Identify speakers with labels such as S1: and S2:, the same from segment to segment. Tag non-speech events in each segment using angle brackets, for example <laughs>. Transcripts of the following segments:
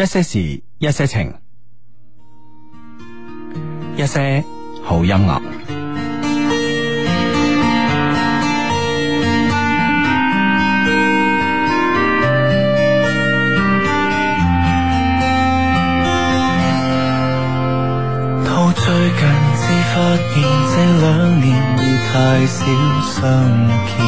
S1: 一些事，一些情，一些好音樂。
S2: 到最近至發現，這兩年太少相見。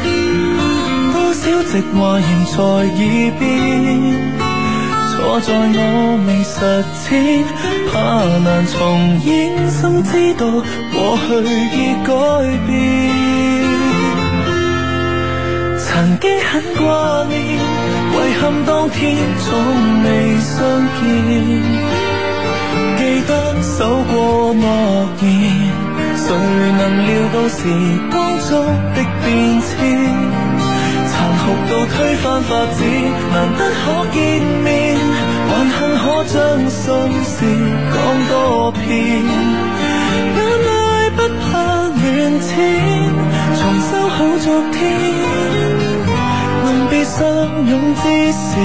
S2: 直話仍在耳邊，錯在我未實踐，怕難重演。心知道過去已改變，曾經很掛念，遺憾當天總未相見。記得守過諾言，誰能料到時光速的變遷？到推翻發展，難得可見面，還幸可將心事講多遍。眼淚不怕亂濺，重修好昨天。臨別相擁之時，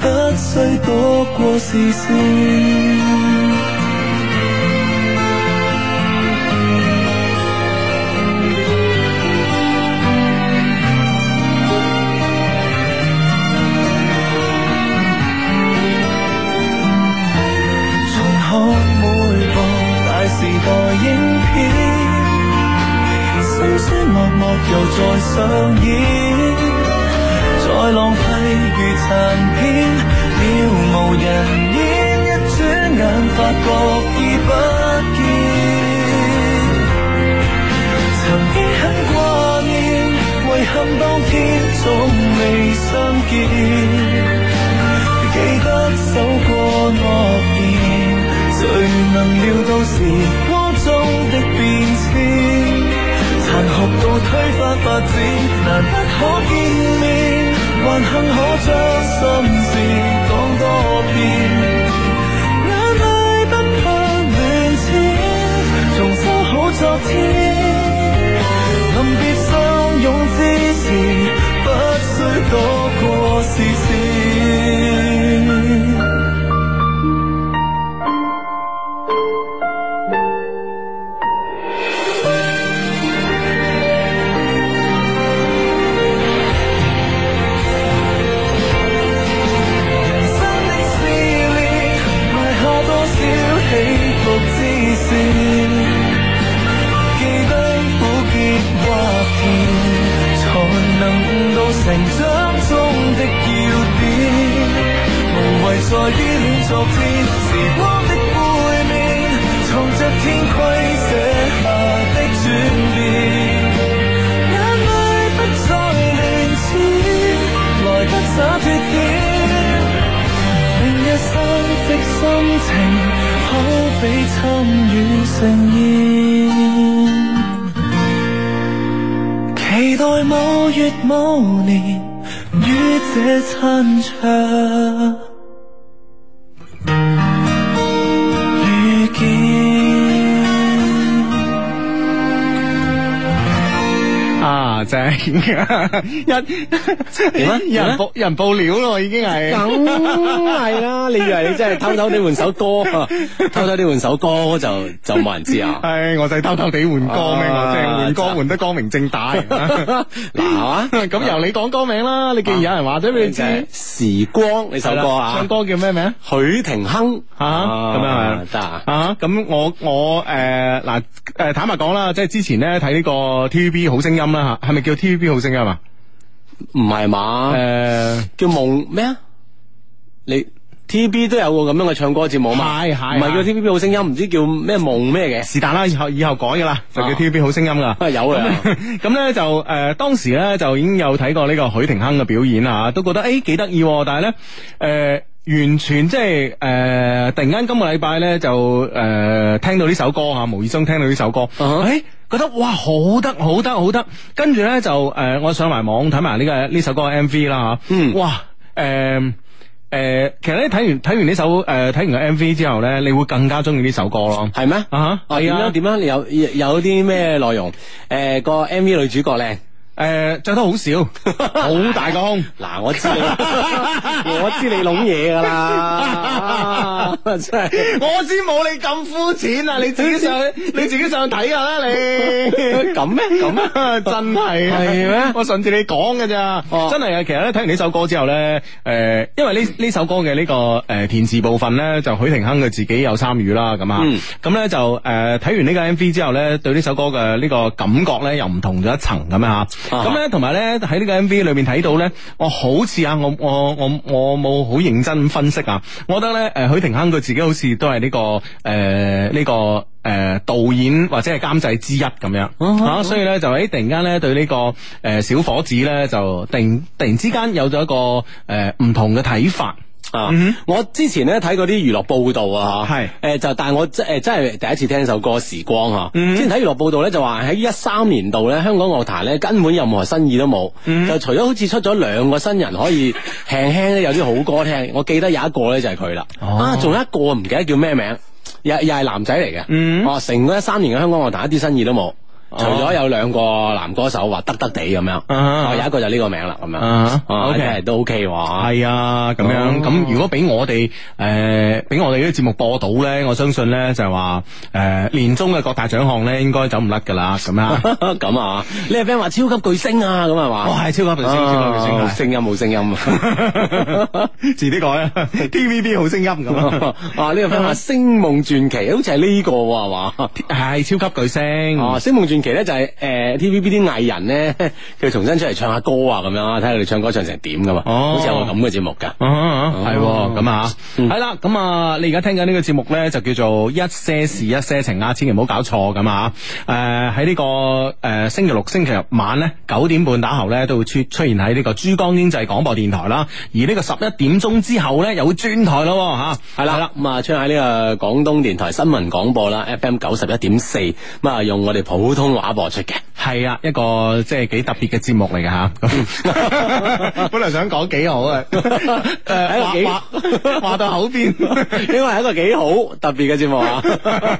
S2: 不需躲過視線。又再上演，再浪費如殘片，渺無人煙，一轉眼發覺，覺已不見。曾經很掛念，遺憾當天總未相見。記得守過諾言，誰能料到時光中的變遷？推翻發展，難不可見面，還幸可將心事講多遍，眼淚不怕亂濺，重修好昨天。臨別相擁之時，不需多。嘅心情可比參與盛宴，期待某月某年與這親牆遇見。
S1: 啊，真一！ <laughs> 人 <laughs> 點啊？有人報人報料咯，已經係，梗係啦！你以為你真係偷偷地換首歌，偷偷地換首歌就就冇人知啊？係我就係偷偷地換歌咩？我正換歌換得光明正大。嗱，咁由你講歌名啦。你既然有人話咗，你知話俾你知時光呢首歌啊？唱歌叫咩名？許廷鏗吓咁樣？得啊吓咁我我誒嗱誒坦白講啦，即係之前咧睇呢個 TVB 好聲音啦吓，係咪叫 TVB 好聲音啊？唔係嘛？誒，呃、叫夢咩啊？你 TVB 都有個咁樣嘅唱歌節目嘛？係係，唔係叫 TVB 好聲音，唔知叫咩夢咩嘅。是但啦，以後以後改噶啦，就叫 TVB 好聲音噶，啊。有啦，咁咧就誒、呃，當時咧就已經有睇過呢個許廷鏗嘅表演啦，都覺得誒幾得意，但係咧誒。呃完全即係誒、呃，突然間今個禮拜咧就誒聽到呢首歌吓，無意中聽到呢首歌，誒、uh huh. 欸、覺得哇好得好得好得，跟住咧就誒、呃、我上埋網睇埋呢個呢首歌嘅 M V 啦吓，嗯，哇誒誒，其實咧睇完睇完呢首誒睇、呃、完個 M V 之後咧，你會更加中意呢首歌咯，係咩嗎？Uh huh. 啊，吓點樣點樣？點樣你有有啲咩內容？誒、 <noise> 呃，那個 M V 女主角咧？誒，着、呃、得好少，好大個胸。嗱，我知， <laughs> <laughs> 我知你諗嘢噶啦，真係， <laughs> 我知冇你咁膚淺啊！你自己上，你自己上去睇下啦，你咁咩？咁 <laughs> 啊，真係，係咩 <laughs> 嗎？我順住你講嘅咋，哦、真係啊！其實咧，睇完呢首歌之後咧，誒、呃，因為呢呢首歌嘅呢、這個誒填詞部分咧，就許廷鏗佢自己有參與啦，咁啊，咁咧、嗯、就誒睇、呃、完呢個 M V 之後咧，對呢首歌嘅呢個感覺咧，又唔同咗一層咁啊。咁咧，同埋咧，喺呢個 MV 裏面睇到咧，我好似啊，我我我我冇好認真分析啊，我覺得咧，誒，許廷鏗佢自己好似都係呢、呢個誒呢、呃呢個誒、呃、導演或者係監製之一咁樣，吓、啊，啊、所以咧就喺突然間咧對呢個誒小伙子咧就突然突然之間有咗一個誒唔同嘅睇法。嗯啊！Mm hmm. 我之前咧睇過啲娛樂報道啊，吓是係，誒、呃、就，但係我誒、呃、真係第一次聽首歌《時光》吓、啊。Mm hmm. 之前睇娛樂報道咧，就話喺一三年度咧，香港樂壇咧根本任何新意都冇，mm hmm. 就除咗好似出咗兩個新人可以輕輕咧有啲好歌聽。我記得有一個咧就係佢啦，oh. 啊，仲有一個唔記得叫咩名，又又係男仔嚟嘅，哦、mm，成、hmm. 啊、個一三年嘅香港樂壇一啲新意都冇。除咗有兩個男歌手話得得哋咁樣，啊，有一個就呢個名啦，咁樣，啊，O K 都 O K，係啊，咁樣，咁如果俾我哋，誒，俾我哋啲節目播到咧，我相信咧就係話，誒，年終嘅各大獎項咧應該走唔甩噶啦，咁樣，咁啊，呢個 friend 話超級巨星啊，咁係話，哦，係超級巨星，超級巨星，聲音冇聲音，自己改啊，T V B 好聲音噶，啊呢個 friend 話星夢傳奇，好似係呢個係嘛，係超級巨星，哦，星夢傳。其咧就係、是、誒、呃、TVB 啲藝人咧，佢重新出嚟唱下歌啊，咁樣啊，睇佢哋唱歌唱成點噶嘛，哦、好似有個咁嘅節目㗎，係咁、哦、啊，係啦，咁啊，你而家聽緊呢個節目咧，就叫做一些事一些情啊，千祈唔好搞錯咁啊，誒、呃，喺呢、這個誒、呃、星期六星期日晚咧九點半打後咧都會出出現喺呢個珠江經濟廣播電台啦，而呢個十一點鐘之後咧有專台咯吓，係、啊、啦，咁啊出喺呢個廣東電台新聞廣播啦，FM 九十一點四，咁啊用我哋普通話播出嘅係啊，一個即係幾特別嘅節目嚟嘅吓。嗯、本嚟想講幾好啊，誒話話話到口邊，應該係一個幾好特別嘅節目啊，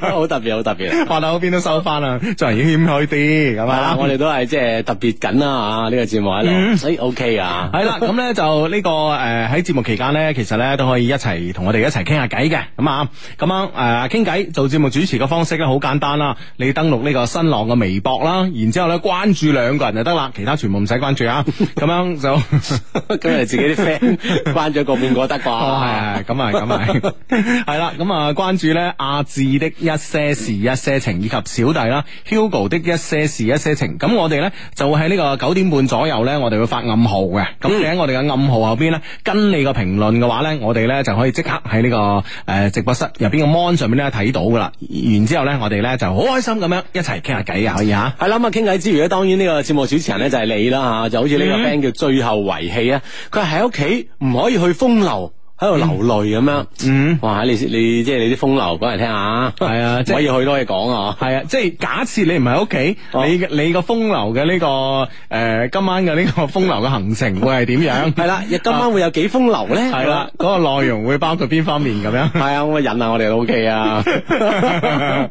S1: 好 <laughs> 特別好特別，話到口邊都收翻啦，仲係謙虛啲咁啊！我哋都係即係特別緊啦啊！呢個節目喺度，所以 OK 啊，係啦， <laughs> 咁咧就呢、是這個誒喺節目期間咧，其實咧都可以一齊同我哋一齊傾下偈嘅咁啊。咁樣誒傾偈做節目主持嘅方式咧好簡單啦，你登錄呢個新浪嘅。微博啦，然之後咧關注兩個人就得啦，其他全部唔使關注啊！咁 <laughs> 樣就 <laughs> 今日自己啲 friend <laughs> 關咗個半個得啩？係係咁啊咁啊係啦！咁啊、哦、 <laughs> 關注咧，阿志的一些事一些情以及小弟啦，Hugo 的一些事一些情。咁 <laughs> 我哋咧就會喺呢個九點半左右咧，我哋會發暗號嘅。咁你喺、嗯、我哋嘅暗號後邊咧，跟你個評論嘅話咧，我哋咧就可以即刻喺呢個誒直播室入邊個 Mon 上面咧睇到噶啦。然之後咧，我哋咧就好開心咁樣一齊傾下偈啊！可以啊，係啦。咁啊，傾偈之餘咧，當然呢個節目主持人咧就係你啦吓，就好似呢個 band 叫最後遺棄啊。佢喺屋企唔可以去風流，喺度流淚咁樣。嗯，嗯哇你你即係你啲風流講嚟聽下。係啊， <laughs> 可以去多嘢講啊。係、就是、啊，即係假設你唔喺屋企，你你、這個呃、個風流嘅呢個誒，今晚嘅呢個風流嘅行程會係點樣？係啦、 <laughs> 啊，今晚會有幾風流咧？係啦、 <laughs> 啊，嗰、那個內容會包括邊方面咁樣？係 <laughs> 啊，我引下我哋嘅屋企啊。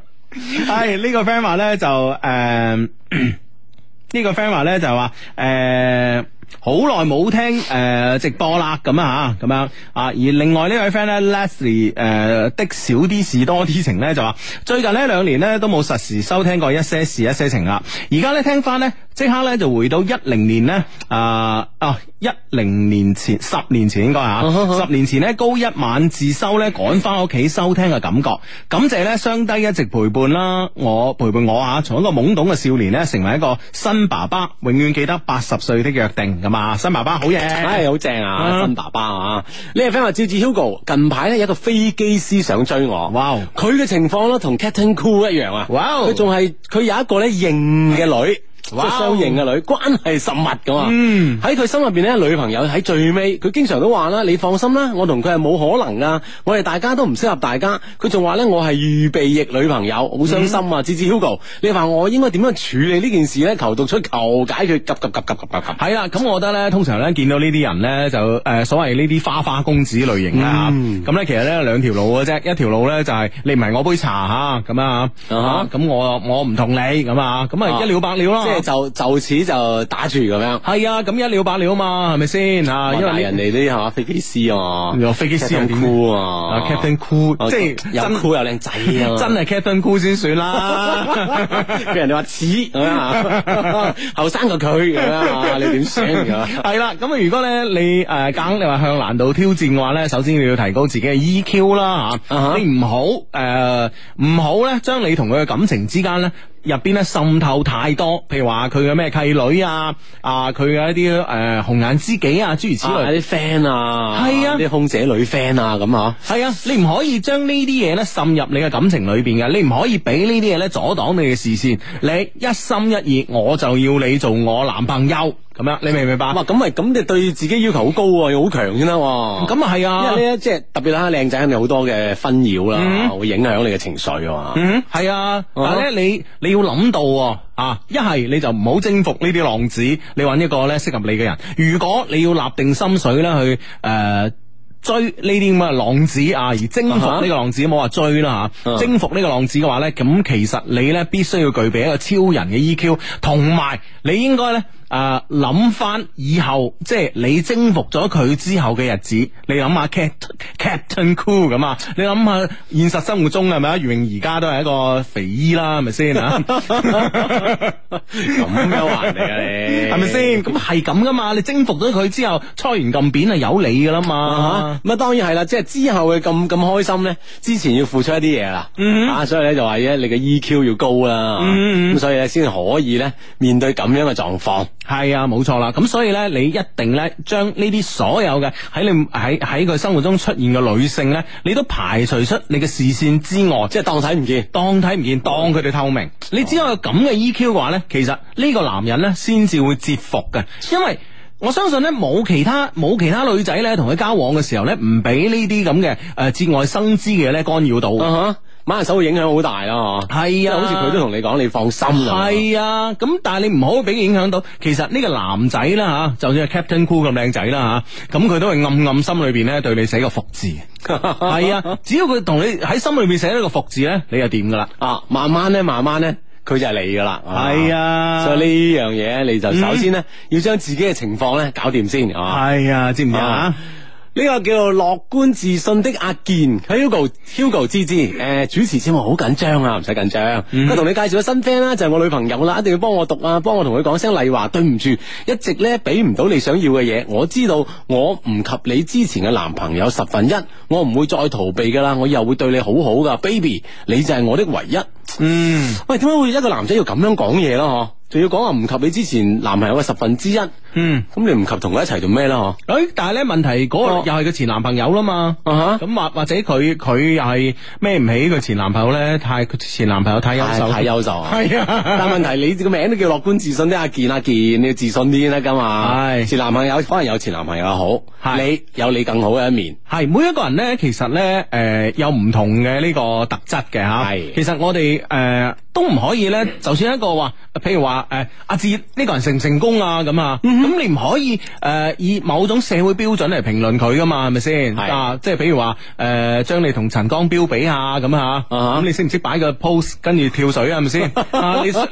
S1: <laughs> 係呢個 friend 話咧就誒呢個 friend 話咧就話誒好耐冇聽誒、呃、直播啦咁，啊咁樣啊，而另外位呢位 friend 呢 Leslie 誒、呃、的少啲事多啲情呢就話最近呢兩年呢都冇實時收聽過一些事一些情啦，而家呢聽翻呢，即刻呢，呢就回到一零年呢，啊、呃、哦。一零年前、十年前應該吓， <laughs> 十年前呢，高一晚自修呢，趕翻屋企收聽嘅感覺。感謝呢，雙低一直陪伴啦，我陪伴我吓，從一個懵懂嘅少年呢，成為一個新爸爸，永遠記得八十歲的約定，係嘛？新爸爸好嘢，唉，好正、哎、啊！ <laughs> 新爸爸啊，呢個 friend 話：趙志 Hugo 近排呢，有一個飛機師想追我，哇！佢嘅情況呢，同 Captain Cool 一樣啊，哇 Wow.！佢仲係佢有一個呢，認嘅女。即係相應嘅女，關係甚密嘅嘛。喺佢心入邊咧，女朋友喺最尾。佢經常都話啦，你放心啦，我同佢係冇可能噶，我哋大家都唔適合大家。佢仲話咧，我係預備役女朋友，好傷心啊！至至 Hugo，你話我應該點樣處理呢件事咧？求讀出求解，佢急急急急急急急。係啦，咁我覺得咧，通常咧見到呢啲人咧，就誒，所謂呢啲花花公子類型啊。咁咧其實咧有兩條路嘅啫，一條路咧就係你唔係我杯茶吓，咁啊吓，咁我我唔同你咁啊，咁啊一了百了咯。就就此就打住咁樣，係啊，咁一了百了嘛，係咪先吓？因為人哋啲係嘛，飛機師啊，飛機師好酷啊，Captain Cool，即係又酷又靚仔啊，真係 Captain Cool 先算啦。俾人哋話似，後生個佢啊，你點算啊？係啦，咁啊，如果咧你誒，講你話向難度挑戰嘅話咧，首先你要提高自己嘅 EQ 啦吓，你唔好誒，唔好咧將你同佢嘅感情之間咧。入邊咧滲透太多，譬如話佢嘅咩契女啊，啊佢嘅一啲誒、呃、紅顏知己啊，諸如此類啲 friend 啊，係啊，啲、啊、空姐女 friend 啊，咁啊，係啊，你唔可以將呢啲嘢咧滲入你嘅感情裏邊嘅，你唔可以俾呢啲嘢咧阻擋你嘅視線，你一心一意我就要你做我男朋友。咁樣你明唔明白？咁咪咁，你對自己要求好高喎，要好強先啦。咁啊係啊，啊啊因為呢即係特別啦、啊，靚仔肯定好多嘅紛擾啦，嗯、會影響你嘅情緒啊嘛。嗯哼，係啊，嗯、但係咧，你你要諗到啊，一係你就唔好征服呢啲浪子，你揾一個咧適合你嘅人。如果你要立定心水咧去誒、呃、追呢啲咁嘅浪子啊，而征服呢個浪子，唔好話追啦嚇，啊啊、哈征服呢個浪子嘅話咧，咁其實你咧必須要具備一個超人嘅 E Q，同埋你應該咧。誒，諗翻以後，即係你征服咗佢之後嘅日子，你諗下 Captain Cool 咁啊！你諗下現實生活中係咪啊？余詠而家都係一個肥姨啦，係咪先啊？咁悠閒嚟啊，你，係咪先？咁係咁噶嘛！你征服咗佢之後，搓完咁扁係有你噶啦嘛咁啊，啊，當然係啦，即係之後嘅咁咁開心咧，之前要付出一啲嘢啦，吓、嗯，所以咧就話嘢你嘅 EQ 要高啦，咁、嗯、所以咧先可以咧面對咁樣嘅狀況。係啊，冇錯啦。咁所以呢，你一定呢將呢啲所有嘅，喺你喺喺佢生活中出現嘅女性呢，你都排除出你嘅視線之外，即係當睇唔見，當睇唔見，嗯、當佢哋透明。嗯、你只有咁嘅 E Q 嘅話呢，其實呢個男人呢先至會折服嘅，因為我相信呢，冇其他冇其他女仔呢同佢交往嘅時候呢，唔俾呢啲咁嘅誒節外生枝嘅呢干擾到。Uh huh. 買下手會影響好大咯，係啊，好似佢都同你講，你放心啦。係啊，咁但係你唔好俾影響到。其實呢個男仔啦吓，就算係 Captain Cool 咁靚仔啦吓，咁佢都係暗暗心裏邊咧對你寫個服字。係 <laughs> 啊，只要佢同你喺心裏邊寫咗個服字咧，你就掂噶啦。啊慢慢呢，慢慢咧，慢慢咧，佢就係你噶啦。係啊，啊所以呢樣嘢，你就首先咧、嗯、要將自己嘅情況咧搞掂先。係啊，啊，知唔知啊？呢個叫做樂觀自信的阿健，Hugo Hugo 芝芝，呃，誒，主持節目好緊張啊，唔使緊張，佢同，嗯、你介紹個新 friend 啦，就係我女朋友啦，一定要幫我讀啊，幫我同佢講聲麗華，對唔住，一直咧俾唔到你想要嘅嘢，我知道我唔及你之前嘅男朋友十分一，我唔會再逃避噶啦，我又會對你好好噶，baby，你就係我的唯一，嗯，喂，點解會一個男仔要咁樣講嘢咯，仲要講話唔及你之前男朋友嘅十分之一，嗯，咁你唔及同佢一齊做咩啦？誒、欸，但係咧問題嗰、那個又係佢前男朋友啦嘛，咁或、啊哈嗯、或者佢佢又係孭唔起？佢前男朋友咧，太佢前男朋友太優秀太，太優秀，係啊， <laughs> 但係問題，你個名都叫樂觀自信啲，阿健阿健，你要自信啲啦，咁啊是，係前男朋友，可能有前男朋友好，係是你有你更好嘅一面，係每一個人咧，其實咧，誒、呃，有唔同嘅呢個特質嘅吓，係，是其實我哋誒。呃都唔可以咧，就算一個話，譬如話誒，阿志呢個人成唔成功啊咁啊，咁你唔可以誒以某種社會標準嚟評論佢噶嘛，係咪先？係即係譬如話誒，將你同陳光標比下咁啊，咁你識唔識擺個 pose 跟住跳水啊，係咪先？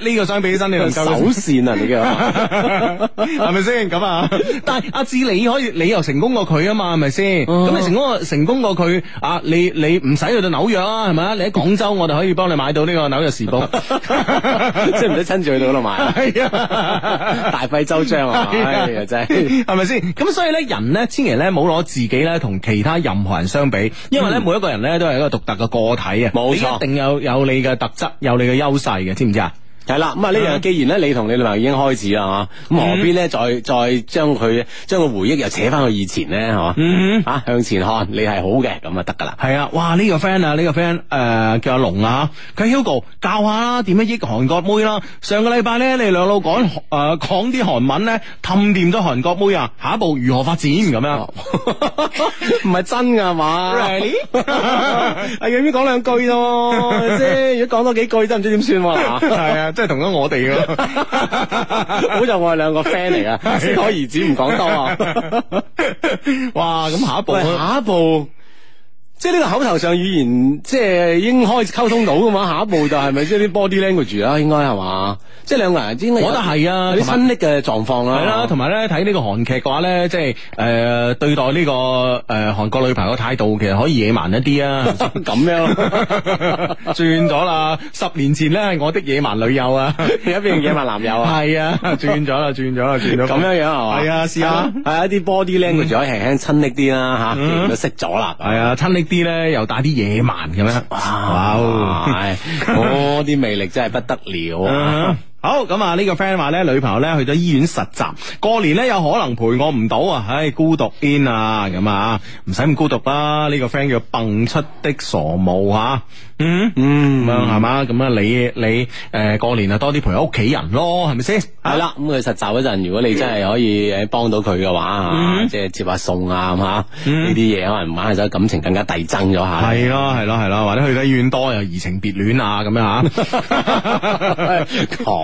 S1: 你呢個相比起身你能夠好善啊，你嘅，係咪先？咁啊，但係阿志你可以你又成功過佢啊嘛，係咪先？咁你成功過成功過佢啊？你你唔使去到紐約啊，係咪啊？你喺廣州我哋可以幫你買到呢個紐約時報。 <laughs> 即唔使親自去到嗰度買，係啊，大費周章啊、 <laughs> <laughs> 哎，真係，係咪先？咁所以咧，人咧，千祈咧，冇攞自己咧同其他任何人相比，因為咧，嗯、每一個人咧都係一個獨特嘅個體啊，冇錯，一定有有你嘅特質，有你嘅優勢嘅，知唔知啊？係啦，咁啊呢樣，既然咧你同你女朋友已經開始啦，吓，咁何必咧再再將佢將個回憶又扯翻去以前咧，吓，向前看，你係好嘅，咁啊得噶啦。係啊，哇呢個 friend 啊呢個 friend，誒叫阿龍啊，佢 Hugo 教下啦，點樣搵韓國妹啦？上個禮拜咧，你兩老講誒講啲韓文咧，氹掂咗韓國妹啊，下一步如何發展咁樣？唔係真噶嘛？係咪先講兩句咯，即如果講多幾句真唔知點算喎，係啊。即係同咗我哋噶，好就我哋兩個 friend 嚟啊，適可而止，唔講多啊。哇，咁下一步，下一步。即係呢個口頭上語言，即係已經開始溝通到噶嘛？下一步就係咪即係啲 body language 啦？應該係嘛？即係兩個人，之間我覺得係啊，親昵嘅狀況啊，係啦，同埋咧睇呢個韓劇嘅話咧，即係誒對待呢個誒韓國女朋友態度，其實可以野蠻一啲啊！咁樣轉咗啦，十年前咧，我的野蠻女友啊，而家變野蠻男友啊，係啊，轉咗啦，轉咗啦，轉咗咁樣樣係嘛？係啊，試下係一啲 body language 可以輕輕親昵啲啦吓，都識咗啦，係啊，親昵。啲咧又帶啲野蠻咁樣，哇！哇！係，嗰啲魅力真係不得了。 <laughs> 啊好咁啊！呢、這個 friend 話咧，女朋友咧去咗醫院實習，過年咧有可能陪我唔到啊！唉、哎，孤獨 in 啊咁啊，唔使咁孤獨啦！呢、這個 friend 叫蹦出的傻帽吓，嗯嗯咁、嗯、吧樣係嘛？咁、呃、啊，你你誒過年啊多啲陪屋企人咯，係咪先？係啦，咁佢實習嗰陣，如果你真係可以幫到佢嘅話，嗯、即係接下送啊咁啊，呢啲嘢可能玩下咗感情更加遞增咗下，係咯係咯係咯，或者去咗醫院多又移情別戀啊咁樣吓。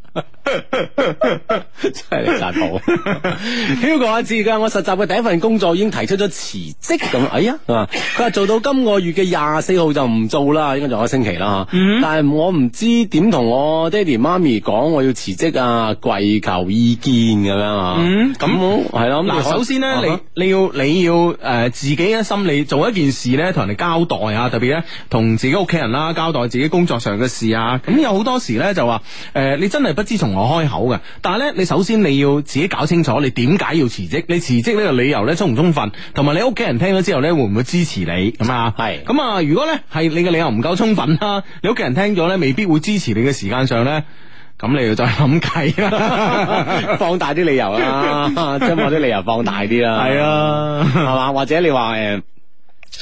S1: <laughs> 真係難好，超過一次噶。我實習嘅第一份工作已經提出咗辭職咁。哎呀，佢話做到今個月嘅廿四號就唔做啦，應該仲有一星期啦吓。但係我唔知點同我爹哋媽咪講，我要辭職啊，跪求意見咁樣啊。嗯，咁係咯。嗱，首先咧，你你要你要誒自己嘅心理做一件事咧，同人哋交代啊，特別咧同自己屋企人啦交代自己工作上嘅事啊。咁有好多時咧就話誒，你真係自從我開口嘅，但係呢，你首先你要自己搞清楚你，你點解要辭職？你辭職呢個理由呢充唔充分，同埋你屋企人聽咗之後呢會唔會支持你？咁啊，係咁啊，如果呢係你嘅理由唔夠充分啦，你屋企人聽咗呢未必會支持你嘅時間上呢，咁你要再諗計 <laughs> 啦，放大啲理由啊，將我啲理由放大啲啦，係啊，係嘛？ <laughs> 或者你話誒、欸，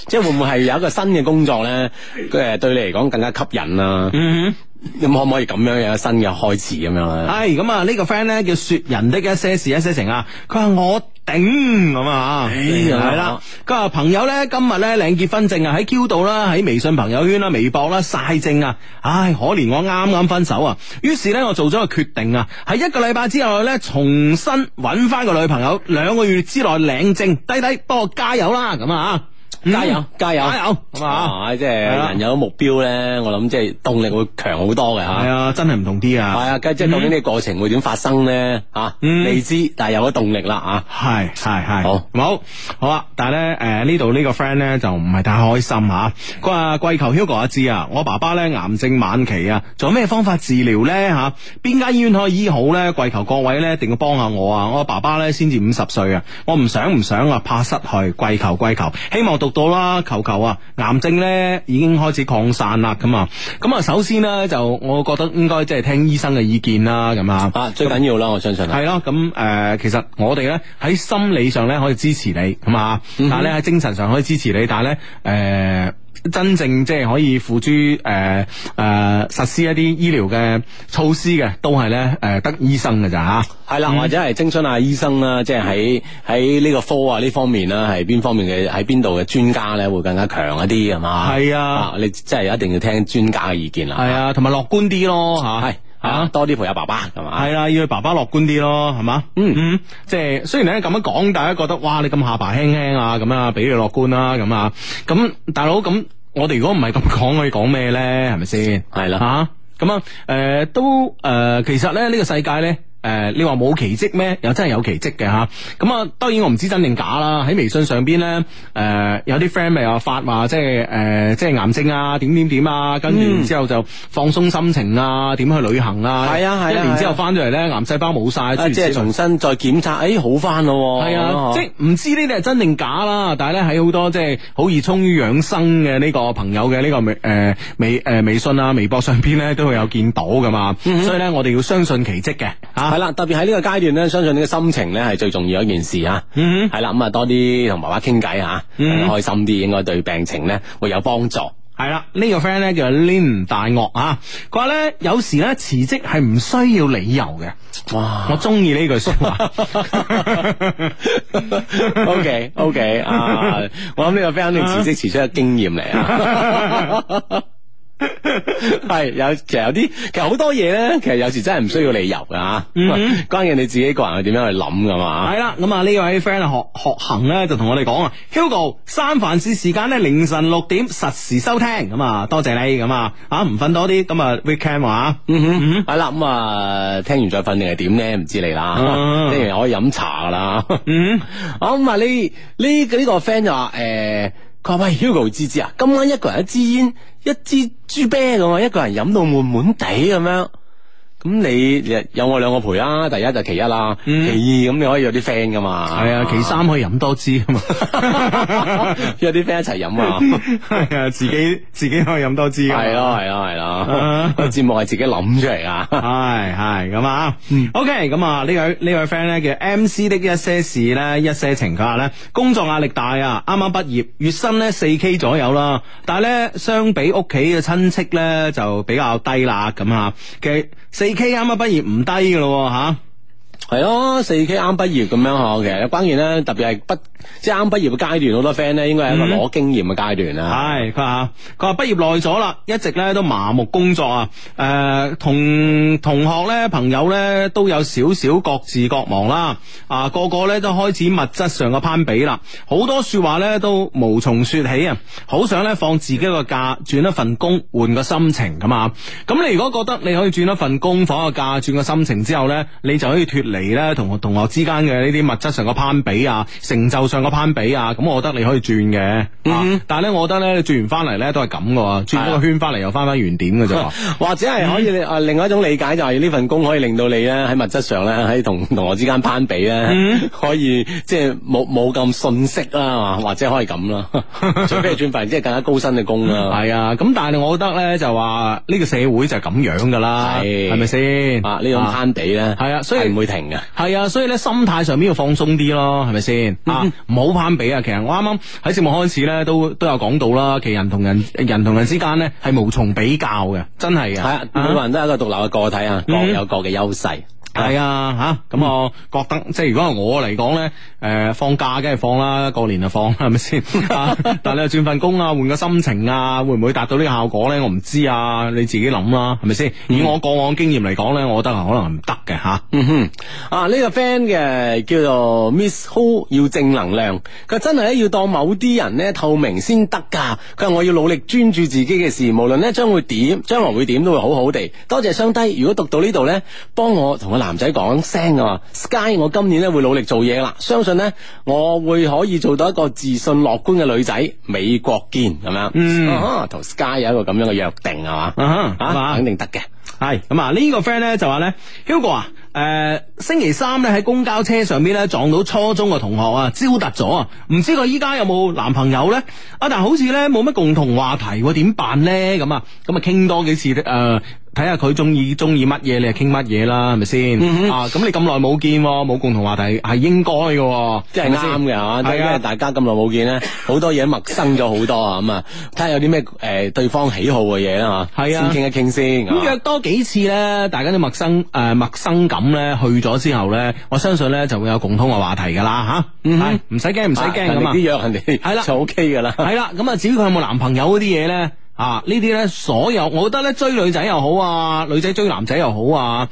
S1: 即係會唔會係有一個新嘅工作呢？誒，對你嚟講更加吸引啊？嗯哼。咁可唔可以咁樣有新嘅開始咁樣咧？係咁啊， <noise> 個呢個 friend 咧叫雪人的一些事一些情啊，佢話我頂咁啊吓，係啦。佢話朋友咧今日咧領結婚證啊，喺 Q 度啦，喺微信朋友圈啦、微博啦晒證啊。唉，可憐我啱啱分手啊，於是咧我做咗個決定啊，喺一個禮拜之內咧重新搵翻個女朋友，兩個月之內領證。弟弟，幫我加油啦，咁啊。加油，加油，加油咁啊！即係人有目標咧，我諗即係動力會強好多嘅吓。係啊，真係唔同啲啊！係啊，即係究竟呢個過程會點發生咧？吓，未知，但係有咗動力啦啊！係係係，好唔好？好啊！但係咧，誒呢度呢個 friend 咧就唔係太開心吓。佢話跪求 Hugo 阿志啊，我爸爸咧癌症晚期啊，仲有咩方法治療咧？吓，邊間醫院可以醫好咧？跪求各位咧，一定要幫下我啊！我爸爸咧先至五十歲啊，我唔想唔想啊，怕失去。跪求跪求，希望到。到啦，球球啊，癌症咧已經開始擴散啦，咁啊，咁啊，首先咧就我覺得應該即係聽醫生嘅意見啦，咁啊，啊最緊要啦，我相信係，係咯，咁 <noise> 誒，其實我哋咧喺心理上咧可以支持你，咁 <noise> 啊，但係咧喺精神上可以支持你，但係咧誒。 <noise> 真正即係可以付諸誒誒實施一啲醫療嘅措施嘅，都係咧誒得醫生嘅咋吓？係啦、嗯，或者係徵詢下醫生啦，即係喺喺呢個科啊呢方面啦，係邊方面嘅喺邊度嘅專家咧會更加強一啲，係嘛、啊？係啊，你即係一定要聽專家嘅意見啦。係啊，同埋樂觀啲咯吓。吓，多啲陪下爸爸，係嘛？係啦，要佢爸爸樂觀啲咯，係嘛？嗯嗯，即係、嗯就是、雖然你咁樣講，大家覺得哇，你咁下巴輕輕啊，咁啊，俾佢樂觀啦，咁啊，咁大佬咁，我哋如果唔係咁講，可以講咩咧？係咪先？係啦的，吓，咁啊，誒、呃，都誒、呃，其實咧呢、呢個世界咧。誒、呃，你話冇奇蹟咩？又真係有奇蹟嘅，吓，咁啊，當然我唔知真定假啦。喺微信上邊咧，誒、呃，有啲 friend 咪，發話，即係誒、呃，即係癌症啊，點點點啊，跟住之後就放鬆心情啊，點去旅行啊，係啊、嗯，係一年之後翻咗嚟咧，癌細胞冇晒，即係重新再檢測，誒、哎，好翻咯、哦，係啊，即係唔知呢啲係真定假啦。但係咧，喺好多即係好熱衷於養生嘅呢個朋友嘅呢個微誒微誒微信啊、微博上邊咧都會有見到噶嘛，嗯、所以咧、嗯、我哋要相信奇蹟嘅吓。啊係啦，特別喺呢個階段咧，相信你嘅心情咧係最重要一件事啊。嗯、mm，係、hmm. 啦，咁啊多啲同爸爸傾偈吓，開心啲，應該對病情咧會有幫助。係啦，這個、呢個 friend 咧叫 Lynn 大岳啊，佢話咧有時咧辭職係唔需要理由嘅。哇，我中意呢句說話。OK，OK，啊，我諗呢個 friend 一定辭職辭出個經驗嚟啊。 <laughs> 係 <laughs> 有，其實有啲，其實好多嘢咧，其實有時真係唔需要理由噶吓，啊，嗯嗯，關鍵你自己個人去點樣去諗噶嘛。係啦，咁啊呢位 friend 學學行咧就同我哋講啊，Hugo 三藩市時間咧凌晨六點實時收聽，咁啊多謝你，咁啊啊唔瞓多啲，咁啊 weekend 話，嗯哼，嗯嗯嗯，係啦，咁啊聽完再瞓定係點咧，唔知你啦，聽完，嗯嗯、可以飲茶啦， <laughs> 嗯，好，咁啊呢呢呢個 friend 就話誒。呃佢話喂，Hugo 芝芝啊，今晚一個人一支煙，一支豬啤咁啊，一個人飲到悶悶地咁樣。咁你有我兩個陪啦，第一就其一啦，其二咁你可以約啲 friend 噶嘛，係啊，其三可以飲多支噶嘛，約啲 friend 一齊飲啊，係啊，自己自己可以飲多支，係咯係咯係咯，節目係自己諗出嚟，啊，係係咁啊，OK 咁啊呢位呢位 friend 咧叫 M C 的一些事咧一些情況咧，工作壓力大啊，啱啱畢業，月薪咧四 K 左右啦，但係咧相比屋企嘅親戚咧就比較低啦，咁啊嘅四。K 啱啱畢業唔低噶咯，啊。係咯，四 K 啱畢業咁樣嗬，其實關鍵咧，特別係畢即係啱畢業嘅階段，好多 friend 咧，應該係一個攞經驗嘅階段啊，係佢話佢話畢業耐咗啦，一直咧都麻木工作啊。誒、呃，同同學咧、朋友咧，都有少少各自各忙啦。啊，個個咧都開始物質上嘅攀比啦，好多說話咧都無從說起啊。好想咧放自己個假，轉一份工，換個心情噶啊。咁你如果覺得你可以轉一份工，放個假，轉個心情之後咧，你就可以脫嚟咧同同學之間嘅呢啲物質上嘅攀比啊，成就上嘅攀比啊，咁我覺得你可以轉嘅，但係咧我覺得咧你轉完翻嚟咧都係咁嘅，轉一個圈翻嚟又翻翻原點嘅啫，或者係可以另外一種理解就係呢份工可以令到你咧喺物質上咧喺同同學之間攀比咧，可以即係冇冇咁遜色啦，或者可以咁啦，除非轉份即係更加高薪嘅工啦，係啊，咁但係我覺得咧就話呢個社會就係咁樣噶啦，係咪先呢？種攀比咧，係啊，所以唔會停。係啊，所以咧心態上面要放鬆啲咯，係咪先？嗯、啊，唔好攀比啊！其實我啱啱喺節目開始咧都都有講到啦，其實人同人人同人之間咧係無從比較嘅，真係嘅。嗯啊、每個人都係一個獨立嘅個體啊，各有各嘅優勢。係、嗯、啊，吓、啊、咁、嗯、我覺得即係如果係我嚟講咧，誒、呃、放假梗係放啦，過年就放啦，係咪先？ <laughs> <laughs> 但係你又轉份工啊，換個心情啊，會唔會達到呢個效果咧？我唔知啊，你自己諗啦，係咪先？以我過往經驗嚟講咧，我覺得可能唔得嘅吓。 <laughs> <laughs> 啊！呢個 friend 嘅叫做 Miss Ho，要正能量。佢真係咧要當某啲人咧透明先得噶。佢話我要努力專注自己嘅事，無論咧將會點，將來會點都會好好地。多謝雙低，如果讀到呢度咧，幫我同個男仔講聲啊，Sky，我今年咧會努力做嘢啦，相信咧我會可以做到一個自信樂觀嘅女仔。美國見咁樣。嗯、同啊、Sky 有一個咁樣嘅約定係嘛。肯定得嘅。係咁啊，呢個 friend 咧就話咧 Hugo 啊。Hugo, 誒、呃，星期三咧喺公交車上邊咧撞到初中嘅同學啊，招突咗啊，唔知佢依家有冇男朋友咧？啊，但好似咧冇乜共同話題喎，點辦咧？咁啊，咁啊，傾多幾次誒。呃睇下佢中意中意乜嘢，你係傾乜嘢啦，係咪先？啊，咁你咁耐冇見，冇共同話題係應該嘅，即係啱嘅，係啊，大家咁耐冇見咧，好多嘢陌生咗好多啊，咁啊，睇下有啲咩誒對方喜好嘅嘢啦，吓，係啊，先傾一傾先。咁約多幾次咧，大家啲陌生誒陌生感咧去咗之後咧，我相信咧就會有共通嘅話題噶啦，吓，唔使驚，唔使驚咁啲約人哋係啦就 OK 噶啦，係啦，咁啊，至於佢有冇男朋友嗰啲嘢咧。啊！呢啲呢，所有我覺得呢，追女仔又好啊，女仔追男仔又好啊，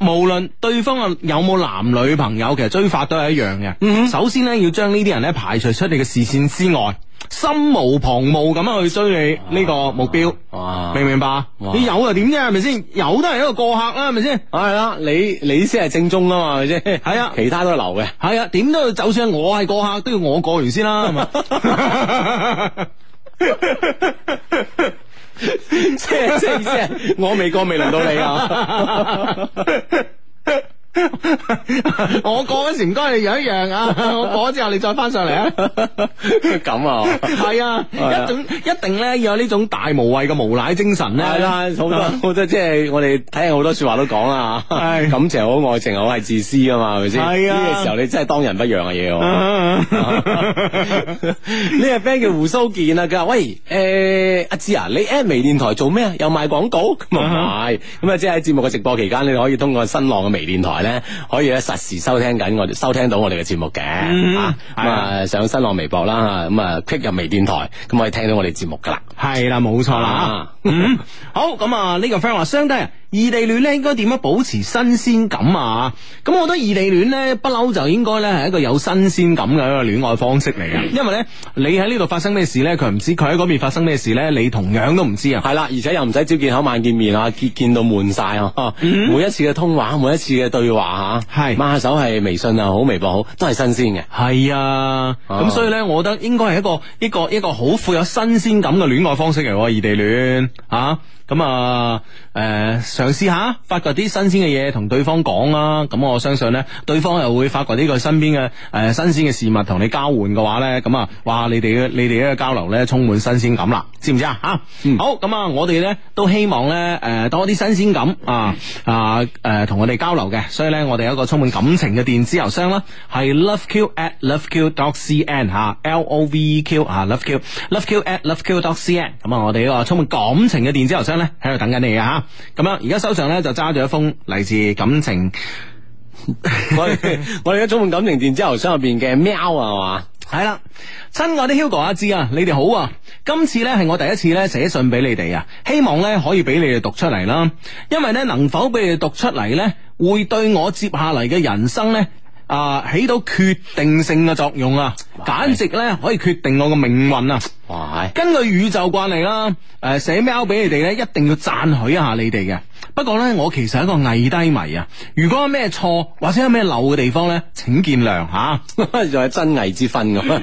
S1: 無論對方啊有冇男女朋友，其實追法都係一樣嘅。嗯、哼首先呢，要將呢啲人呢排除出你嘅視線之外，心無旁騖咁樣去追你呢個目標。明唔、啊啊、明白？哇你有就點啫，係咪先？有都係一個過客啦，係咪先？係啦、啊，你你先係正宗啊嘛，係咪先？係 <laughs> 啊，其他都係流嘅。係啊，點都，要，就算我係過客，都要我過完先啦， <laughs> <laughs> 即係即係，我未過，未輪到你啊！ <laughs> <laughs> 我講嗰時唔該你讓一讓啊！我講咗之後你再翻上嚟啊！咁 <laughs> 啊，係啊， <laughs> 一種一定咧要有呢種大無畏嘅無賴精神咧、啊。係 <laughs> 啦，好 <laughs> <laughs> 多，即我即係我哋睇好多說話都講啦 <laughs> <laughs> 感情好，愛情好係自私啊嘛，係咪先？係、欸、啊，呢個時候你真係當仁不讓嘅嘢。呢個 friend 叫胡蘇健啊，佢話喂誒阿芝啊，你 at 微電台做咩啊？又賣廣告唔係？咁啊即係喺節目嘅直播期間，你可以通過新浪嘅微電台。咧可以咧實時收聽緊我哋收聽到我哋嘅節目嘅、嗯、啊咁啊上新浪微博啦吓咁啊 click 入微電台咁、嗯、可以聽到我哋節目噶啦係啦冇錯啦嗯，好咁啊！呢個 friend 話，兄弟，異地戀咧應該點樣保持新鮮感啊？咁我覺得異地戀咧不嬲就應該咧係一個有新鮮感嘅一個戀愛方式嚟嘅。因為咧，你喺呢度發生咩事咧，佢唔知；佢喺嗰邊發生咩事咧，你同樣都唔知啊。係啦，而且又唔使朝見口晚見面啊，見見到悶晒啊。嗯、每一次嘅通話，每一次嘅對話吓，係是，抹下手係微信啊，好微博好，都係新鮮嘅。係啊，咁所以咧，哦、我覺得應該係一個一個一個好富有新鮮感嘅戀愛方式嚟。異地戀。嚇！咁啊～誒，嘗試、uh，下發掘啲新鮮嘅嘢同對方講啦，咁我相信咧，對方又會發掘呢個身邊嘅誒新鮮嘅事物同你交換嘅話咧，咁啊，哇，你哋你哋呢個交流咧充滿新鮮感啦，知唔知啊？吓，嗯、好，咁啊，我哋咧都希望咧，誒多啲新鮮感啊啊，誒同我哋交流嘅，所以咧我哋有一個充滿感情嘅電子郵箱啦，係 loveq@loveq.cn at dot 吓，L O V Q 吓 Love，loveq，loveq@loveq.cn，咁啊我哋呢個充滿感情嘅電子郵箱咧喺度等緊你嘅吓。啊咁樣，而家手上咧就揸住一封嚟自感情 <laughs> <laughs> 我，我我哋一充滿感情電郵箱入邊嘅喵啊，係嘛，係啦，親愛的 Hugo 阿知啊，你哋好啊，今次咧係我第一次咧寫信俾你哋啊，希望咧可以俾你哋讀出嚟啦，因為咧能否俾你哋讀出嚟咧，會對我接下嚟嘅人生咧。啊！起到決定性嘅作用啊，簡直咧可以決定我嘅命運啊！哇塞。根據宇宙慣例啦，誒、啊，寫 mail 俾你哋咧，一定要讚許一下你哋嘅。不過呢，我其實係一個偽低迷啊。如果有咩錯或者有咩漏嘅地方呢，請見諒吓，就、啊、係 <laughs> 真偽之分咁，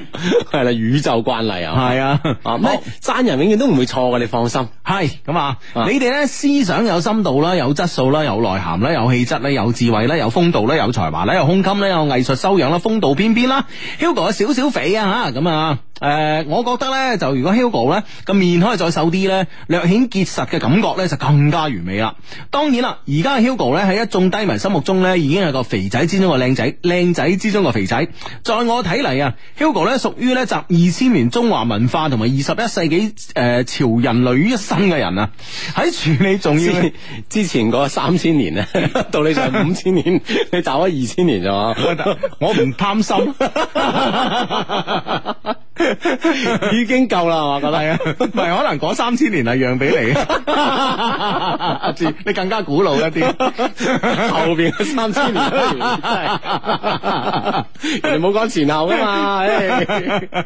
S1: 係啦， <laughs> 宇宙慣例啊！係啊，咩讚人永遠都唔會錯嘅，你放心。係咁啊！啊你哋咧思想有深度啦，有質素啦，有內涵啦，有氣質啦，有智慧啦，有風度咧，有才華啦，有胸襟啦，有藝術修養啦，風度翩翩啦。Hugo 少少肥啊吓，咁啊誒、呃，我覺得呢，就如果 Hugo 呢，個面可以再瘦啲呢，略顯結實嘅感覺呢，就更加完美啦。當然啦，而家 Hugo 咧，喺一眾低迷心目中咧，已經係個肥仔之中個靚仔，靚仔之中個肥仔。在我睇嚟啊，Hugo 咧屬於咧集二千年中華文化同埋二十一世紀誒、呃、潮人類於一身嘅人啊。喺處理仲要 <music> 之前嗰三千年啊，道理上五千年，你，年 <laughs> 你集咗二千年咋嘛， <laughs> 我唔貪心。 <laughs> 已經夠啦，我覺得係啊，唔係可能嗰三千年係讓俾你，
S3: 阿志
S1: 你更加古老一啲，後邊嘅三千年，人哋冇講前後啊嘛。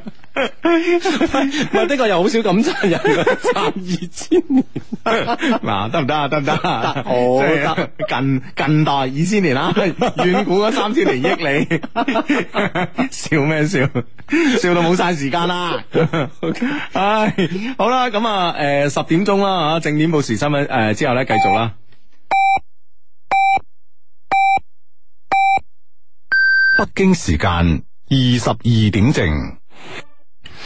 S1: 喂，呢個又好少咁差人，差二千年。嗱，得唔得啊？得唔得？好得。近近代二千年啦，遠古嗰三千年益你笑咩笑？， <laughs> 笑到冇晒時間啦。唉、呃，好啦，咁啊，誒，十點鐘啦吓，正點報時新聞誒，之後咧，繼續啦。北京時間二十二點正。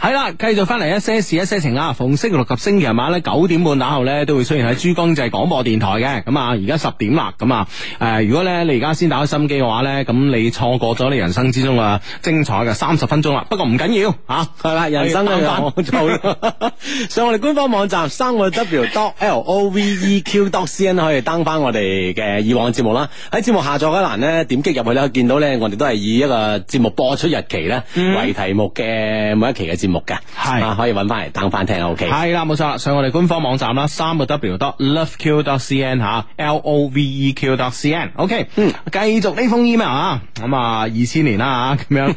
S1: 係啦，繼 <music> 續翻嚟一些事一些情啊！逢星期六及星期日晚咧九點半打後咧，都會出現喺珠江經濟廣播電台嘅。咁啊，而家十點啦，咁啊，誒，如果咧你而家先打開心機嘅話咧，咁你錯過咗你人生之中啊精彩嘅三十分鐘啦。不過唔緊要，吓係啦，人生嘅一翻。 <laughs> <laughs> 上我哋官方網站 www.loveq.cn <laughs> <laughs> <laughs> 可以 down 翻我哋嘅以往節目啦。喺節目下載欄咧，點擊入去咧，見到咧我哋都係以一個節目播出日期咧為題目嘅每一期嘅節目。Mm. 目嘅係啊，嗯、可以揾翻嚟等翻聽 O K，係啦，冇錯啦，上我哋官方網站啦，三個 w dot love q dot、e、c n 吓，l o v e q dot c n O K，嗯，繼續呢封 email 啊，咁啊二千年啦咁樣，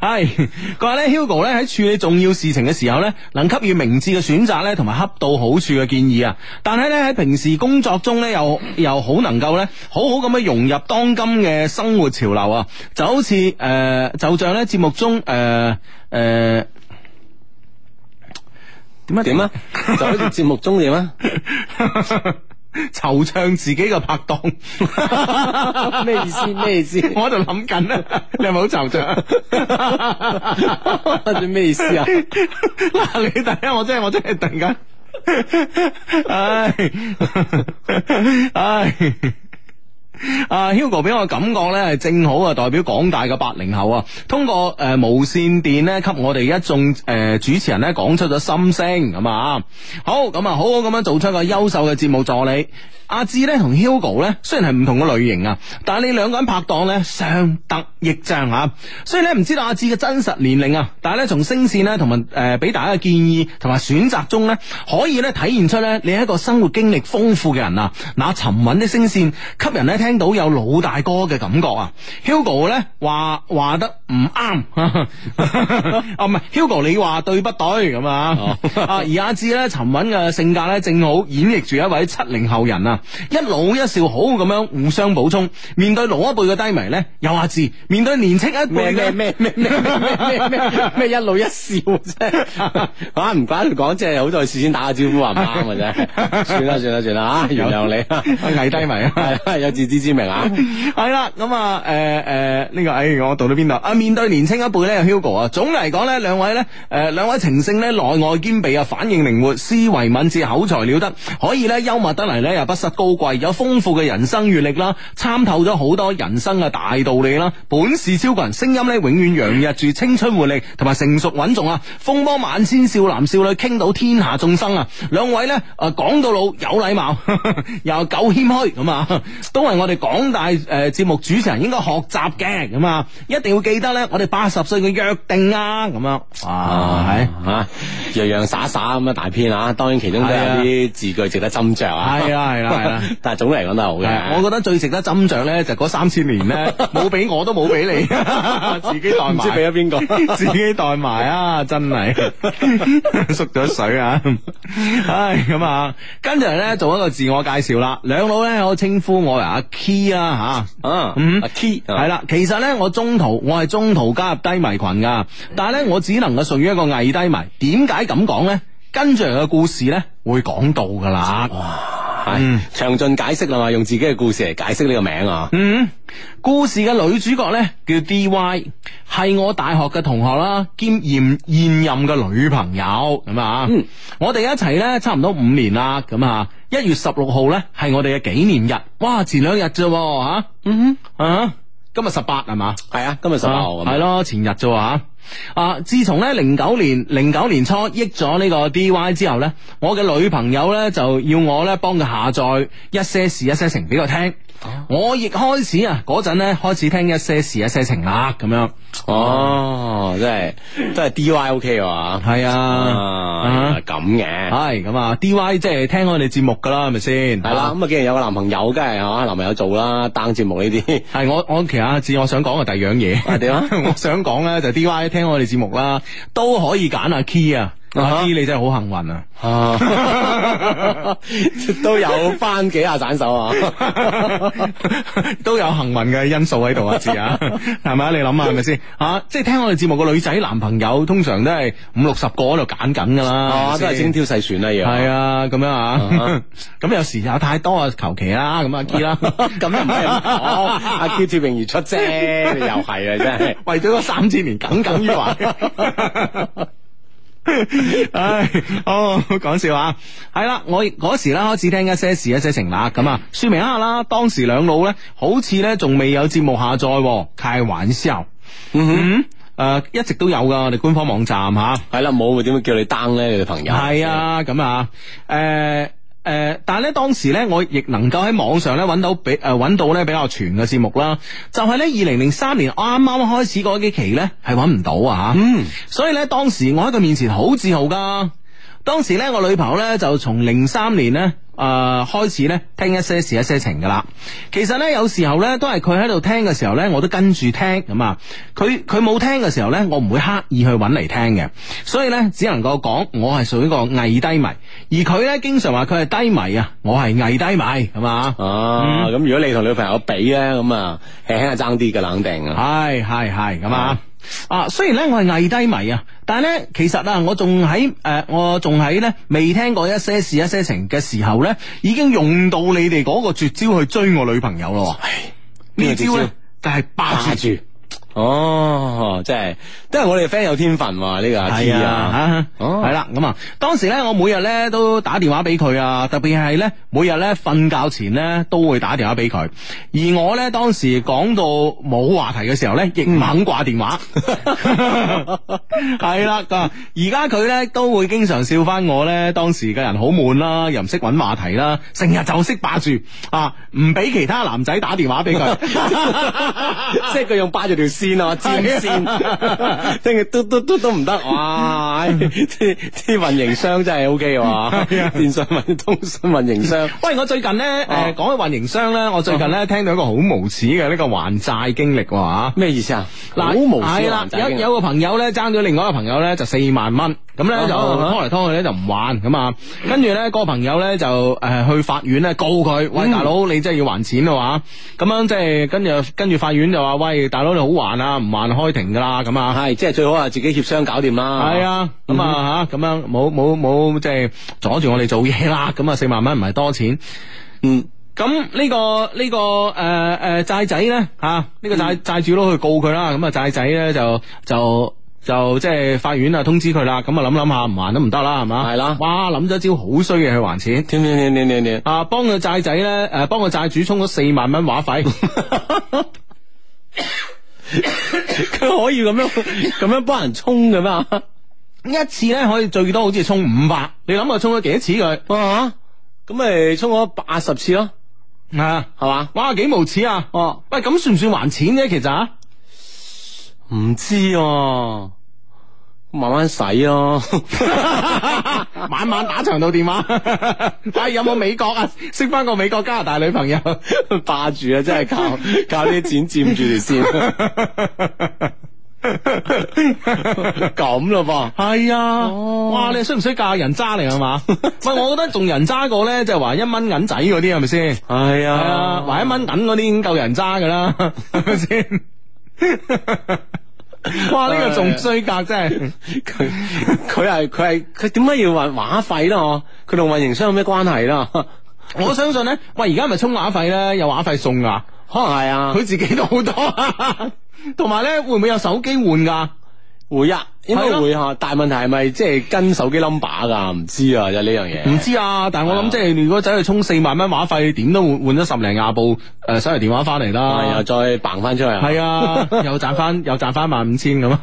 S1: 係， <laughs> <laughs> 佢話咧 Hugo 咧喺處理重要事情嘅時候咧，能給予明智嘅選擇咧，同埋恰到好處嘅建議啊。但係咧喺平時工作中咧，又又好能夠咧好好咁樣融入當今嘅生活潮流啊，就好似誒、呃，就像咧節目中誒。呃呃誒，點啊點啊，樣 <laughs> 就喺隻節目中點啊，惆悵 <laughs> 自己個拍檔，咩意思咩意思？意思我喺度諗緊啊，你係咪好惆悵？做 <laughs> 咩 <laughs> 意思啊？嗱， <laughs> 你睇啊我真係我真係突然間， <laughs> 唉唉。阿、uh, Hugo 俾我感覺呢，係正好啊，代表廣大嘅八零後啊，通過誒、呃、無線電咧，給我哋一眾誒、呃、主持人呢講出咗心聲，係嘛？好咁啊，好好咁樣做出個優秀嘅節目助理。阿志呢，同 Hugo 呢，雖然係唔同嘅類型啊，但係你兩個人拍檔呢，相得益彰吓。雖然呢，唔知道阿志嘅真實年齡啊，但係呢，從聲線呢，同埋誒俾大家嘅建議同埋選擇中呢，可以呢體現出呢，你係一個生活經歷豐富嘅人啊。那沉穩啲聲線，給人呢聽人呢。聽聽到有老大哥嘅感覺啊，Hugo 咧話話得唔啱，啊唔係 Hugo，你話對不對咁 <laughs> <laughs> <laughs> 啊？而阿志咧沉穩嘅性格咧，正好演繹住一位七零後人啊，一老一少好咁樣互相補充。面對老一輩嘅低迷咧，有阿志；面對年輕一輩咧，咩咩咩咩咩咩咩咩一老一笑啫、啊，啊唔怪得講，即係好在事先打個招呼話唔啱嘅啫。算啦算啦算啦，啊原諒你，矮有、啊、低迷啊， <laughs> 啊有自志。知名啊，係啦， <laughs> 咁、呃、啊，誒、呃、誒，呢、這個誒，我到到邊度啊？面對年青一輩呢 h u g o 啊，Hugo，總嚟講呢，兩位呢，誒、呃，兩位情聖呢，內外兼備啊，反應靈活，思維敏捷，口才了得，可以呢，幽默得嚟呢，又不失高貴，有豐富嘅人生閱歷啦，參透咗好多人生嘅大道理啦，本事超群，人，聲音呢，永遠洋溢住青春活力同埋成熟穩重啊，風魔萬千少男少女傾倒天下眾生啊，兩位呢，誒、呃，講到老有禮貌， <laughs> 又夠謙虛，咁啊，都係我。我哋廣大誒節目主持人應該學習嘅咁啊，一定要記得咧，我哋八十歲嘅約定啊，咁樣啊係啊，洋洋灑灑咁啊，大篇啊，當然其中都有啲字句值得斟酌啊，係啦係啦，但係總嚟講都好嘅。我覺得最值得斟酌咧，就嗰三千年咧，冇俾我都冇俾你，自己代埋，唔知俾咗邊個，自己代埋啊，真係縮咗水啊，唉咁啊，跟住咧做一個自我介紹啦，兩老咧我稱呼我啊。key 啊吓，啊嗯 A key 係啦，其實呢，我中途我係中途加入低迷群噶，但係呢，我只能夠屬於一個偽低迷。點解咁講呢？跟住嘅故事呢，會講到噶啦，哇、嗯，詳盡解釋啦嘛，用自己嘅故事嚟解釋呢個名啊。嗯，故事嘅女主角呢，叫 D Y，係我大學嘅同學啦，兼現任嘅女朋友咁啊。嗯，我哋一齊呢，差唔多五年啦，咁啊。一月十六號呢，係我哋嘅紀念日，哇！前兩日啫，吓、啊，嗯哼，啊，今日十八係嘛？係啊，今日十八號，係咯，前日啫，吓。啊，自從呢，零九年，零九年初益咗呢個 DY 之後呢，我嘅女朋友呢，就要我呢幫佢下載一些事、一些情俾佢聽。我亦開始啊，嗰陣咧開始聽一些事一些情啦，咁樣哦，即係都係 D Y O K 啊，係啊，咁嘅係咁啊，啊，D Y 即係聽我哋節目噶啦，係咪先？係啦，啊，咁啊既然，有個男朋友，梗係啊男朋友，做啦，彈節目呢啲係我我其實自我想講嘅第二樣嘢係點啊？我想講咧，啊、 <laughs> 就是、D Y 聽我哋節目啦，都可以揀阿 Key 啊。阿 K，你真係好幸運啊！ <laughs> 都有翻幾下斬手啊！ <laughs> 都有幸運嘅因素喺度啊，字啊，係咪啊？你諗下係咪先啊？即、就、係、是、聽我哋節目個女仔男朋友，通常都係五六十個喺度揀緊噶啦，都係精挑細選啦，要係啊，咁、啊啊、樣啊，咁、uh huh. 啊、有時有太多啊，求其、啊、啦！咁阿 K 啦，咁又唔係阿 K 志榮而出啫，又係啊，真係、 <laughs> 啊、為咗個三千年耿耿於懷。 <laughs> 唉、 <laughs> 哎、好，講笑啊！係啦，我嗰時咧開始聽一些事，一些情啦咁啊，說明一下啦。當時兩老咧，好似咧仲未有節目下載，開玩笑。嗯哼，誒、嗯呃，一直都有噶，我哋官方網站吓。係、啊、啦，冇咪點會叫你 down 咧，你哋朋友？係啊，咁啊，誒、呃。誒、呃，但係咧當時咧，我亦能夠喺網上咧揾到比誒揾、呃、到咧比較全嘅節目啦。就係咧二零零三年啱啱開始嗰幾期咧係揾唔到啊吓，嗯，所以咧當時我喺佢面前好自豪噶。當時咧我女朋友咧就從零三年咧，誒、呃，開始咧聽一些事一些情噶啦。其實呢，有時候呢，都係佢喺度聽嘅時候呢，我都跟住聽咁啊。佢佢冇聽嘅時候呢，我唔會刻意去揾嚟聽嘅。所以呢，只能夠講我係屬於個偽低迷，而佢呢，經常話佢係低迷，偽低迷啊，我係偽低迷咁啊。咁如果你同女朋友比咧，咁啊，輕輕就爭啲嘅冷定啊。係係係，咁啊。啊，雖然咧我係偽低迷啊，但係咧其實啊、呃，我仲喺誒，我仲喺咧未聽過一些事一些情嘅時候咧，已經用到你哋嗰個絕招去追我女朋友咯，呢招咧就係霸住。霸哦，即係都係我哋 friend 有天分喎，呢個，係啊，係啦，咁啊，當時咧我每日咧都打電話俾佢啊，特別係咧每日咧瞓覺前咧都會打電話俾佢，而我咧當時講到冇話題嘅時候咧，亦唔肯掛電話。嗯 <laughs> <laughs> 係啦，而家佢咧都會經常笑翻我咧，當時嘅人好悶啦，又唔識搵話題啦，成日就識霸住啊，唔俾其他男仔打電話俾佢,即係佢用霸住條線啊，佔線，跟住嘟嘟嘟都唔得，哇！啲啲運營商真係 O K 哇，電信運通訊運營商。喂，我最近咧誒講起運營商咧，我最近咧聽到一個好無恥嘅呢個還債經歷吓，咩意思啊？嗱，好無恥嘅還有有個朋友咧爭咗。另外一個朋友咧就四萬蚊，咁咧就拖嚟拖去咧就唔還咁啊。跟住咧個朋友咧就誒去法院咧告佢，喂大佬你真係要還錢啊嘛。咁樣即係跟住跟住法院就話喂大佬你好還啊，唔還開庭噶啦。咁啊係，即係最好係自己協商搞掂啦。係啊，咁啊吓咁樣冇冇冇即係阻住我哋做嘢啦。咁啊四萬蚊唔係多錢，嗯。咁呢個呢個誒誒債仔咧吓，呢個債債主攞去告佢啦。咁啊債仔咧就就。就即係法院啊通知佢啦，咁啊諗諗下唔還都唔得啦，係嘛？係啦的，哇諗咗一招好衰嘅，去還錢，點點點點點啊幫個債仔咧誒幫個債主充咗四萬蚊話費，佢 <laughs> <laughs> 可以咁樣咁樣幫人充噶嘛？ <laughs> 一次咧可以最多好似充五百，你諗下充咗幾多次佢啊？咁咪充咗八十次咯，係啊係嘛？哇幾無恥啊！哦喂咁算唔算還錢啫？其實啊，唔知。慢慢洗咯，晚晚打長途電話。 <laughs> 哎，有冇美國啊？識翻個美國加拿大女朋友 <laughs> 霸住啊！真係靠靠啲錢佔住先。咁咯噃，係 <laughs> 啊！哇，你需唔需要嫁人渣嚟啊嘛？唔係， <laughs> 我覺得仲人渣過咧，就係、是、話一蚊銀仔嗰啲係咪先？係 <laughs> <laughs> 啊，話一蚊銀嗰啲已經夠人渣噶啦，係咪先？ <laughs> 哇！這個，追 <laughs> 呢個仲衰格真係，佢佢係佢係佢點解要運話費啦？佢同運營商有咩關係啦？ <laughs> 我相信咧，喂，而家係咪充話費咧，有話費送噶， <laughs> 可能係啊，佢 <laughs> 自己都好多 <laughs> 呢，同埋咧會唔會有手機換噶？ <laughs> 會啊！應該會吓，但係問題係咪即係跟手機 number 噶？唔知啊，有呢樣嘢。唔知啊，但係我諗即係如果走去充四萬蚊話費，點都換換咗十零廿部誒手提電話翻嚟啦，然後再掹翻出去，係啊，又賺翻又賺翻萬五千咁啊！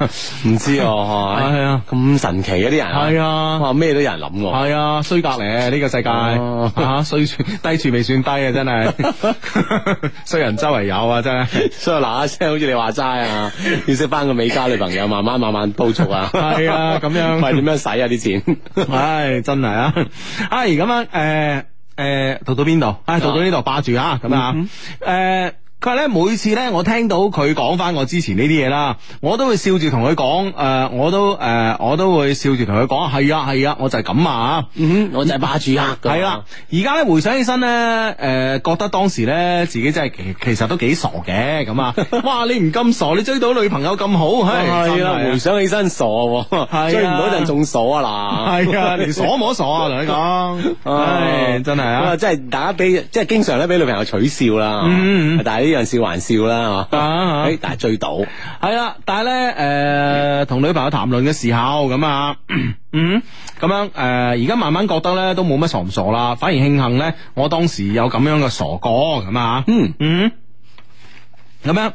S1: 唔知啊，嚇，係啊，咁神奇啊啲人，係啊，咩都有人諗喎，係啊，衰隔離呢個世界嚇，衰低處未算低啊，真係衰人周圍有啊，真係衰嗱一聲，好似你話齋啊，要識翻個美加女朋友，慢慢慢慢鋪措係 <laughs> 啊，咁樣，係點樣使啊啲錢？唉，真係啊！啊、 <laughs> <laughs> 哎，而咁樣，誒、呃、誒，讀、呃、到邊度？唉、哎，讀到呢度，oh. 霸住吓咁樣啊，誒。嗯嗯嗯哎佢咧每次咧，我聽到佢講翻我之前呢啲嘢啦，我都會笑住同佢講，誒，我都誒，我都會笑住同佢講，係啊係啊，我就係咁啊，嗯我就係霸住啊，係啦。而家咧回想起身咧，誒，覺得當時咧自己真係其其實都幾傻嘅咁啊！哇，你唔咁傻，你追到女朋友咁好，係啊，回想起身傻喎，追唔到陣仲傻啊嗱，係啊，你傻唔傻啊？同你講，唉，真係啊，即係大家俾即係經常咧俾女朋友取笑啦，但係講笑還笑啦， <laughs> 但係追到係啦， <laughs> 但係呢，誒、呃，同女朋友談論嘅時候咁啊，嗯，咁樣誒，而、嗯、家慢慢覺得呢都冇乜傻唔傻啦，反而慶幸呢，我當時有咁樣嘅傻哥，咁啊，嗯嗯，咁樣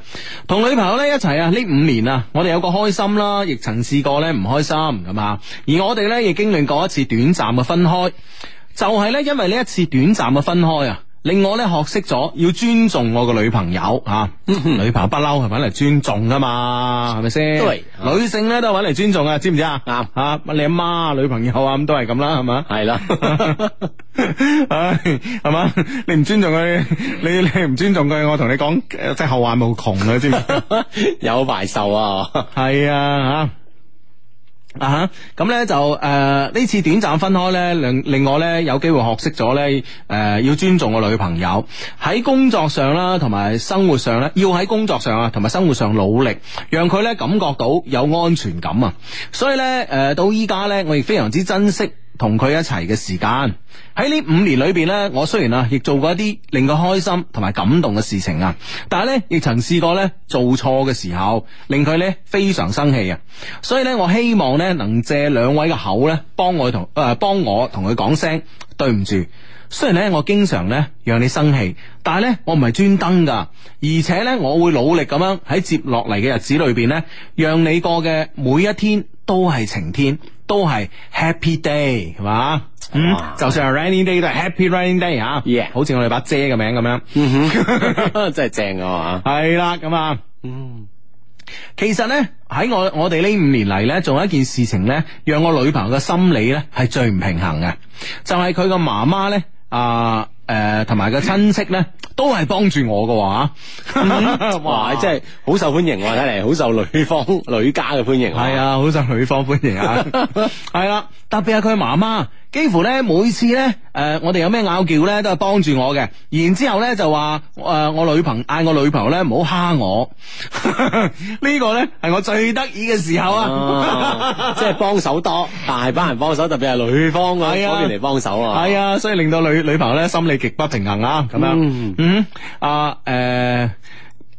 S1: 同女朋友呢一齊啊，呢五年啊，我哋有個開心啦，亦曾試過呢唔開心，咁啊，而我哋呢亦經歷過一次短暫嘅分開，就係呢，因為呢一次短暫嘅分開啊。令我咧學識咗要尊重我個女朋友啊，女朋友不嬲係搵嚟尊重噶嘛？係咪先？嗯、女性咧都係搵嚟尊重知知、嗯、啊，知唔知啊？吓，你阿媽女朋友啊，咁都係咁啦，係嘛？係啦，唉，係嘛？你唔尊重佢，你你唔尊重佢，我同你講，即係後患無窮 <laughs> 啊，知唔？知？有排受啊，係啊，吓。啊哈！咁咧、uh huh. 就誒，呢、呃、次短暫分開咧令令我咧有機會學識咗咧誒，要尊重我女朋友喺工作上啦，同埋生活上咧，要喺工作上啊，同埋生活上努力，讓佢咧感覺到有安全感啊！所以咧誒、呃，到依家咧，我亦非常之珍惜。同佢一齊嘅時間喺呢五年裏邊咧，我雖然啊亦做過一啲令佢開心同埋感動嘅事情啊，但係咧亦曾試過咧做錯嘅時候，令佢咧非常生氣啊！所以咧，我希望咧能借兩位嘅口咧，幫我同誒幫我同佢講聲對唔住。雖然咧，我經常咧讓你生氣，但係咧，我唔係專登噶，而且咧，我會努力咁樣喺接落嚟嘅日子裏邊咧，讓你過嘅每一天都係晴天，都係 Happy Day，係嘛？吧嗯，是就算係 Rainy Day 都係 Happy Rainy Day yeah、嗯、啊，好似我哋把遮嘅名咁樣，真係正嘅嘛？係啦，咁啊，嗯，其實咧喺我我哋呢五年嚟咧，仲有一件事情咧，讓我女朋友嘅心理咧係最唔平衡嘅，就係佢個媽媽咧。啊，誒、呃，同埋個親戚咧，都係幫住我嘅話， <laughs> 哇，即係好受歡迎喎、啊，睇嚟好受女方、女家嘅歡迎，係啊，好、啊、受女方歡迎啊，係 <laughs> 啦、 <laughs> 啊，特別係佢媽媽。幾乎咧每次咧，誒、呃，我哋有咩拗撬咧，都係幫住我嘅。然之後咧就話，誒、呃，我女朋嗌，我女朋友咧唔好蝦我。 <laughs> 個呢個咧係我最得意嘅時候啊！ <laughs> 哦、即係幫手多，大班人幫手，特別係女方、哦、啊，嗰邊嚟幫手啊！係啊，所以令到女女朋友咧心理極不平衡啊！咁樣嗯，嗯，阿、啊、誒。呃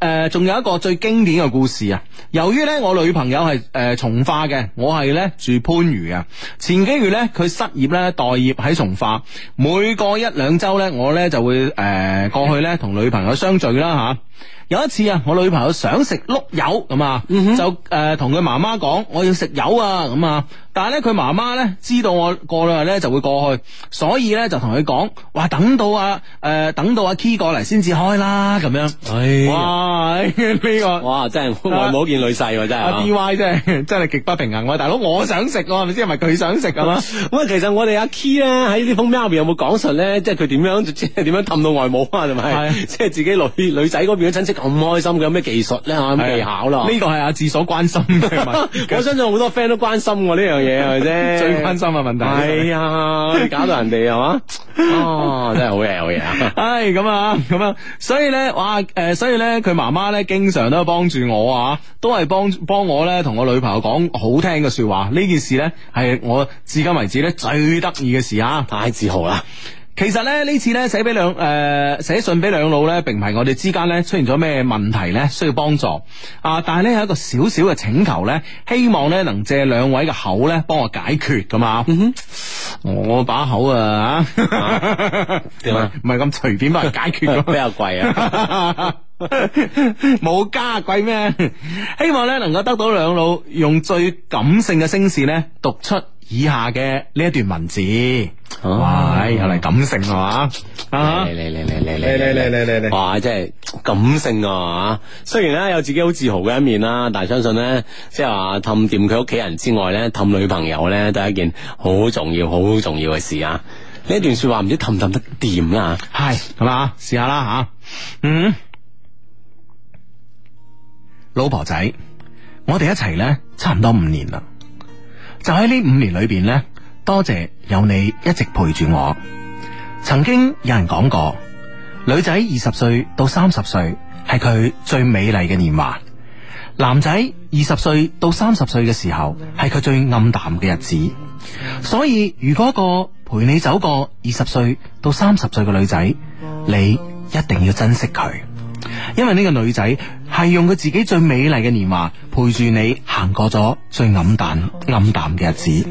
S1: 誒，仲、呃、有一個最經典嘅故事啊！由於咧我女朋友係誒從化嘅，我係咧住番禺啊。前幾月咧佢失業咧待業喺從化，每隔一兩周咧我咧就會誒、呃、過去咧同女朋友相聚啦吓。啊有一次啊，我女朋友想食碌柚咁啊，就誒同佢媽媽講，我要食柚啊咁啊，但係咧佢媽媽咧知道我過兩日咧就會過去，所以咧就同佢講話，等到啊誒、呃、等到阿 Key 過嚟先至開啦咁樣。係、哎、哇呢、哎這個哇真係外母見女婿喎真係。啊啊、DY 真係真係極不平衡喎大佬，我想食係咪即係咪佢想食咁啊？喂哇，其實我哋阿 Key 咧喺呢封 mail 入面有冇講述咧，即係佢點樣即係點樣氹到外母啊？係咪？即係 <laughs> <laughs> 自己女女仔嗰邊嘅親戚。咁開心嘅，有咩技術咧吓？技巧咯，呢個係阿智所關心嘅問。 <laughs> <laughs> 我相信好多 friend 都關心我呢樣嘢係咪啫？ <laughs> 最關心嘅問題係啊，你搞到人哋係嘛？
S3: 哦， <laughs> 真係好
S1: 嘢，好嘢啊！唉，咁啊，咁樣，所以咧，哇，誒、呃，所以咧，佢媽媽咧，經常都幫住我啊，都係幫幫我咧，同我女朋友講好聽嘅說話。呢件事咧，係我至今為止咧最得意嘅事啊，太自豪啦！其實咧，呢次咧寫俾兩，誒寫信俾兩老咧並唔係我哋之間咧出現咗咩問題咧需要幫助啊！但係咧有一個小小嘅請求咧，希望咧能借兩位嘅口咧幫我解決噶嘛？嗯、哼我把口啊，點啊？唔係咁隨便幫人解決咁 <laughs> 比較貴啊！冇加貴咩？希望咧能夠得到兩老用最感性嘅聲線咧讀出。以下嘅呢一段文字，啊、哇！又嚟感性啦、啊，哇！嚟嚟嚟嚟嚟嚟嚟嚟嚟嚟嚟嚟，哇！真係感性啊，啊！雖然咧有自己好自豪嘅一面啦，但係相信咧，即係話氹掂佢屋企人之外咧，氹女朋友咧都係一件好重要、好重要嘅事啊！呢、嗯、一段說話唔知氹唔氹得掂啊？係係嘛？試下啦吓，嗯，老婆仔，我哋一齊咧差唔多五年啦。就喺呢五年裏邊咧，多謝有你一直陪住我。曾經有人講過，女仔二十歲到三十歲係佢最美麗嘅年華，男仔二十歲到三十歲嘅時候係佢最暗淡嘅日子。所以，如果一個陪你走過二十歲到三十歲嘅女仔，你一定要珍惜佢。因為呢個女仔係用佢自己最美麗嘅年華陪住你行過咗最黯淡、暗淡嘅日子，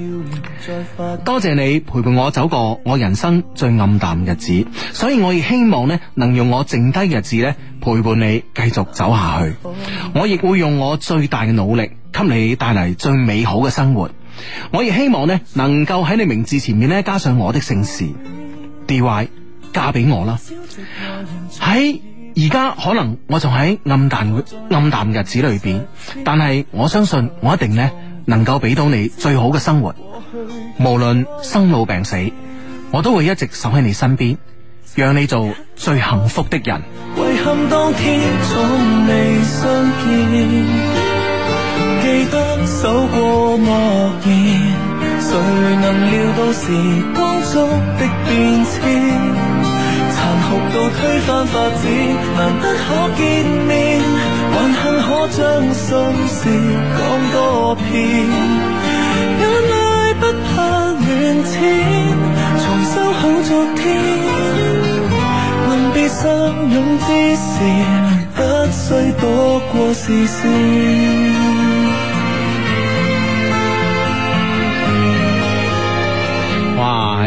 S1: 多謝你陪伴我走過我人生最暗淡嘅日子，所以我亦希望咧能用我剩低嘅日子咧陪伴你繼續走下去。我亦會用我最大嘅努力，給你帶嚟最美好嘅生活。我亦希望咧能夠喺你名字前面咧加上我的姓氏 DY，嫁俾我啦，喺、哎。而家可能我仲喺暗淡暗淡日子裏邊，但係我相信我一定咧能夠俾到你最好嘅生活，無論生老病死，我都會一直守喺你身邊，讓你做最幸福的人。
S2: 遺憾當天從未相見，記得守過諾言，誰能料到時光中的變遷？局到推翻發展，難得可見面，還幸可將心事講多遍。眼淚不怕亂濺，重修好昨天。臨別相擁之時，不需躲過視線。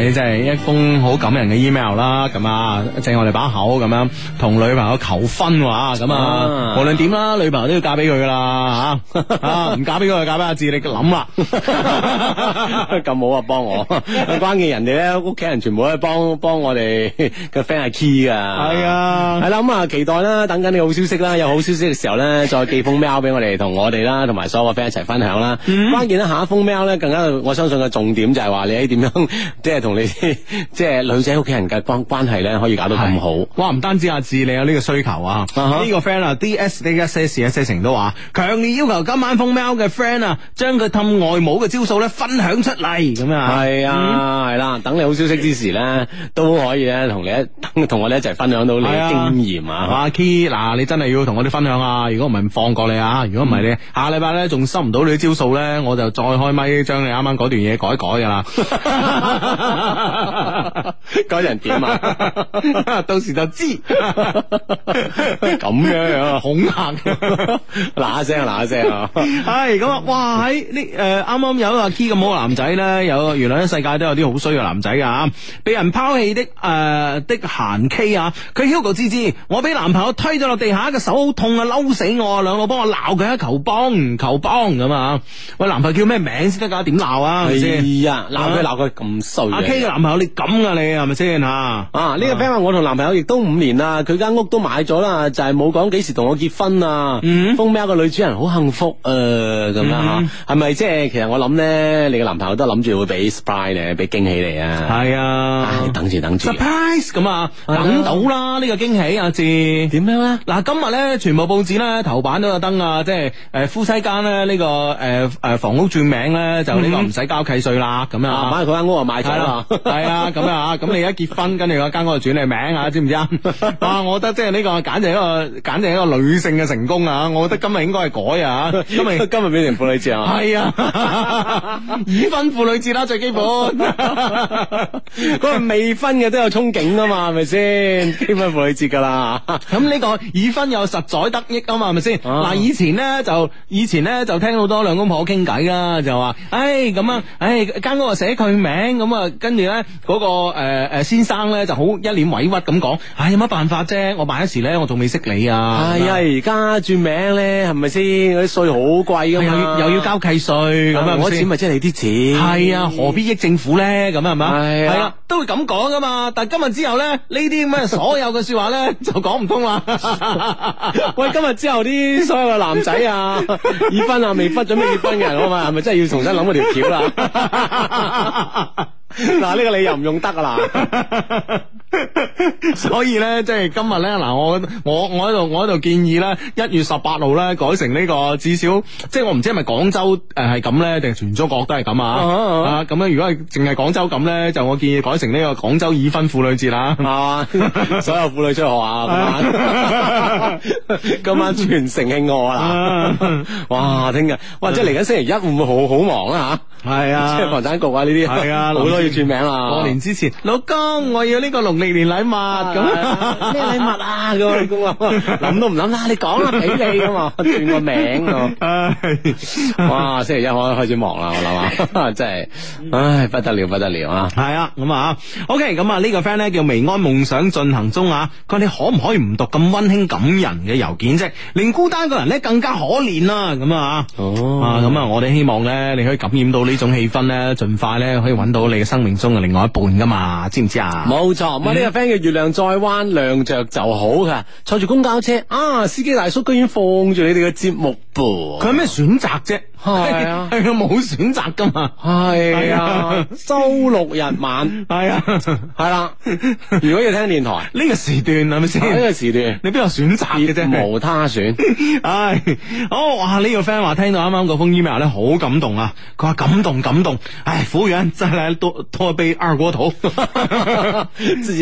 S1: 你真係一封好感人嘅 email 啦，咁啊，淨我哋把口咁樣同女朋友求婚話咁啊，無論點啦，女朋友都要嫁俾佢噶啦吓，唔、啊、 <laughs> 嫁俾佢，就嫁俾阿志，你諗啊咁好啊，幫我關鍵人哋咧，屋企人全部都幫幫我哋嘅 friend 係 Key 啊，係啊，係啦、啊，咁啊，期待啦，等緊你好消息啦，有好消息嘅時候咧，再寄封 mail 俾我哋，同我哋啦，同埋所有嘅 friend 一齊分享啦。嗯、關鍵咧，下一封 mail 咧，更加我相信個重點就係話你點樣，即係同。 <laughs> 你 <laughs> 即係女仔屋企人嘅關關係咧，可以搞到咁好。哇！唔單止阿、啊、志，你有呢個需求啊？呢、uh huh. 個 friend 啊，D S d 一些事一些情都話，強烈要求今晚封 mail 嘅 friend 啊，將佢氹外母嘅招數咧分享出嚟。咁 <laughs> 啊，係、嗯、啊，係啦、啊，等你好消息之時咧，都可以咧同你一同我哋一齊分享到你嘅經驗啊！阿 K 嗱，你真係要同我哋分享啊！如果唔係唔放過你啊！如果唔係你下禮拜咧仲收唔到你啲招數咧，我就再開咪將你啱啱嗰段嘢改一改噶啦。 <laughs> <laughs> 嗰人點啊？到 <laughs> 時就知咁 <laughs> 樣啊，恐嚇嗱一聲啊，嗱一聲啊！係咁啊！哇！喺呢誒，啱、呃、啱有阿 K 咁好嘅男仔咧，有個原來喺世界都有啲好衰嘅男仔噶、呃、啊！俾人拋棄的誒的閒 K 啊！佢 Hugo 芝芝，我俾男朋友推咗落地下，個手好痛啊，嬲死我啊！兩個幫我鬧佢啊，求幫，求幫咁啊！喂，男朋友叫咩名先得噶？點鬧啊？係啊，鬧佢鬧佢咁衰。K 嘅男朋友你咁啊，你係咪先吓啊？呢個 friend 話，我同男朋友亦都五年啦，佢間屋都買咗啦，就係冇講幾時同我結婚啊？嗯，風咩個女主人好幸福啊，咁樣吓，係咪即係？其實我諗咧，你嘅男朋友都諗住會俾 surprise 咧，俾驚喜你啊？係啊，等住等住 surprise 咁啊，等到啦呢個驚喜，阿志點樣咧？嗱今日咧全部報紙咧頭版都有登啊，即係誒夫妻間咧呢個誒誒房屋轉名咧就呢個唔使交契稅啦，咁啊，買佢間屋啊買咗。係啊，咁啊，咁你而家結婚，跟住個間屋就轉你名啊，知唔知啊？哇，我覺得即係呢個簡直一個，簡直一個女性嘅成功啊！我覺得今日應該係改啊，今日今日變成婦女節啊！係啊，已婚婦女節啦，最基本。不過未婚嘅都有憧憬噶嘛，係咪先？已婚婦女節噶啦。咁呢個已婚又實在得益啊嘛，係咪先？嗱，以前咧就以前咧就聽好多兩公婆傾偈啦，就話，唉，咁啊，唉，間屋啊寫佢名咁啊。跟住咧，嗰、那個誒誒、呃、先生咧就好一臉委屈咁講，唉，有乜辦法啫？我買一時咧，我仲未識你啊！係啊，而家轉名咧，係咪先嗰啲稅好貴噶嘛、哎？又要又要交契稅，我、啊、錢咪即係你啲錢？係啊，何必益政府咧？咁啊咪？係啊，啊，都會咁講噶嘛？但係今日之後咧，呢啲咁嘅所有嘅說話咧，就講唔通啦。 <laughs> 喂，今日之後啲所有嘅男仔啊，已婚啊，未婚準備結婚嘅人好嘛？係咪真係要重新諗嗰條橋啦？ <laughs> 嗱，呢 <laughs> 個你又唔用得噶啦！ <laughs> 所以咧，即係今日咧，嗱，我我我喺度，我喺度建議咧，一月十八號咧，改成呢、這個至少，即係我唔知係咪廣州誒係咁咧，定、呃、係全中國都係咁啊？啊，咁樣、啊、如果係淨係廣州咁咧，就我建議改成呢個廣州已婚婦女節啦，係、啊啊、所有婦女出學啊，今晚全城慶賀啦！哇，聽日或者嚟緊星期一會唔會好好忙啊？吓、嗯，係啊，即係房產局啊呢啲，係啊，好多要轉名啦，過年、年之前，老公我要呢個龍。年禮物咁咩禮物啊？咁啊諗都唔諗啦，你講啦俾你噶 <laughs> 嘛，轉個名啊！ <laughs> 哇，星期一開開始忙啦，我諗啊，真係唉，不得了不得了 <laughs> 啊！係啊，咁、okay, 啊，OK，咁啊呢個 friend 咧，叫未安夢想進行中啊！佢話你可唔可以唔讀咁溫馨感人嘅郵件啫，令孤單嘅人咧更加可憐啊，咁啊、哦、啊咁啊，我哋希望咧你可以感染到呢種氣氛咧，盡快咧可以揾到你嘅生命中嘅另外一半噶嘛？知唔知啊？冇錯。嗯呢個 friend 嘅月亮再彎亮着就好噶，坐住公交車啊，司機大叔居然放住你哋嘅節目噃？佢有咩選擇啫？係啊，係佢冇選擇噶嘛。係啊，周 <laughs> 六日晚，係 <laughs> 啊，係啦、啊。如果要聽電台呢 <laughs> 個時段係咪先？呢、啊、個時段你邊有選擇嘅啫？無他選。唉、 <laughs> 哎，好、哦、哇！呢、這個 friend 話聽到啱啱嗰封 email 咧，mail, 好感動啊！佢話感動感動，唉，服、哎、務真再來多多杯二鍋頭。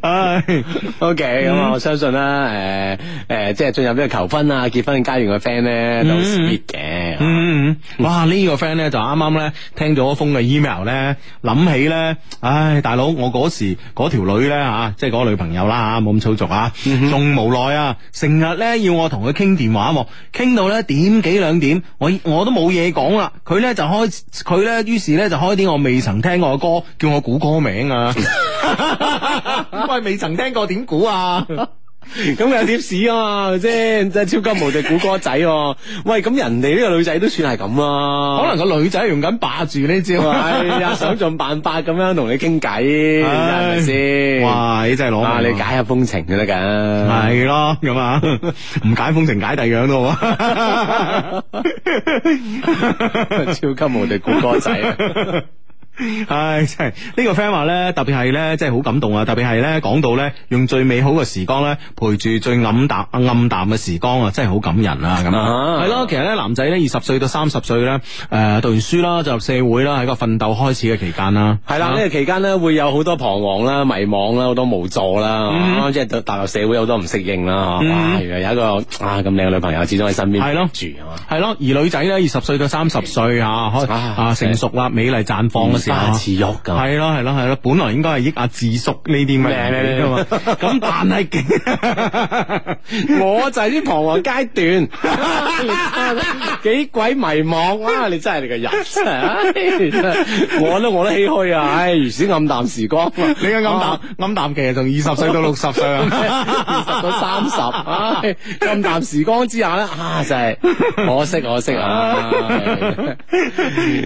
S1: 唉，O K，咁啊，我相信啦，誒誒，即係進入呢個求婚啊、結婚階段嘅 friend 咧，都 sweet 嘅。嗯嗯，哇，呢個 friend 咧就啱啱咧聽咗封嘅 email 咧，諗起咧，唉，大佬，我嗰時嗰條女咧吓，即係嗰個女朋友啦吓，冇咁粗俗啊，仲無奈啊，成日咧要我同佢傾電話，傾到咧點幾兩點，我我都冇嘢講啦，佢咧就開，佢咧於是咧就開啲我未曾聽過嘅歌，叫我估歌名啊。喂，未曾聽過點估啊？咁 <laughs> 有貼士啊嘛，先真係超級無敵估歌仔、啊。 <laughs> 喂，咁人哋呢個女仔都算係咁啊？可能個女仔用緊霸住呢招，哎呀，想盡辦法咁樣同你傾偈，係咪先？哎、呀吧哇，你真係攞下，你解下風情就得噶，係咯，咁啊，唔解風情解第樣都好啊，超級無敵估歌仔、啊。 <laughs> 唉，真係呢個 friend 話咧，特別係咧，即係好感動啊！特別係咧，講到咧，用最美好嘅時光咧，陪住最暗淡啊暗淡嘅時光啊，真係好感人啦！咁啊，係咯，其實咧男仔咧二十歲到三十歲咧，誒，讀完書啦，就入社會啦，喺個奮鬥開始嘅期間啦，係啦，呢個期間咧會有好多彷徨啦、迷惘啦、好多無助啦，即係踏入社會好多唔適應啦，哇！如果有一個啊咁靚嘅女朋友始終喺身邊，係咯，係咯，而女仔咧二十歲到三十歲啊，啊成熟啦，美麗綻放啦。沙慈玉噶，係咯，係咯，係咯，本來應該係益阿智叔呢啲嘅嘢咁，但係， <laughs> <laughs> 我就係啲彷徨階段，幾 <laughs> 鬼迷茫啊！你真係你個人， <laughs> 我都我都唏嘘啊！唉、哎，如此暗淡，淡時光， <laughs> 你嘅、啊、暗淡暗淡，其實從二十歲到六十歲啊，二十到三十啊，暗淡時光之下咧啊，就係可惜可惜啊！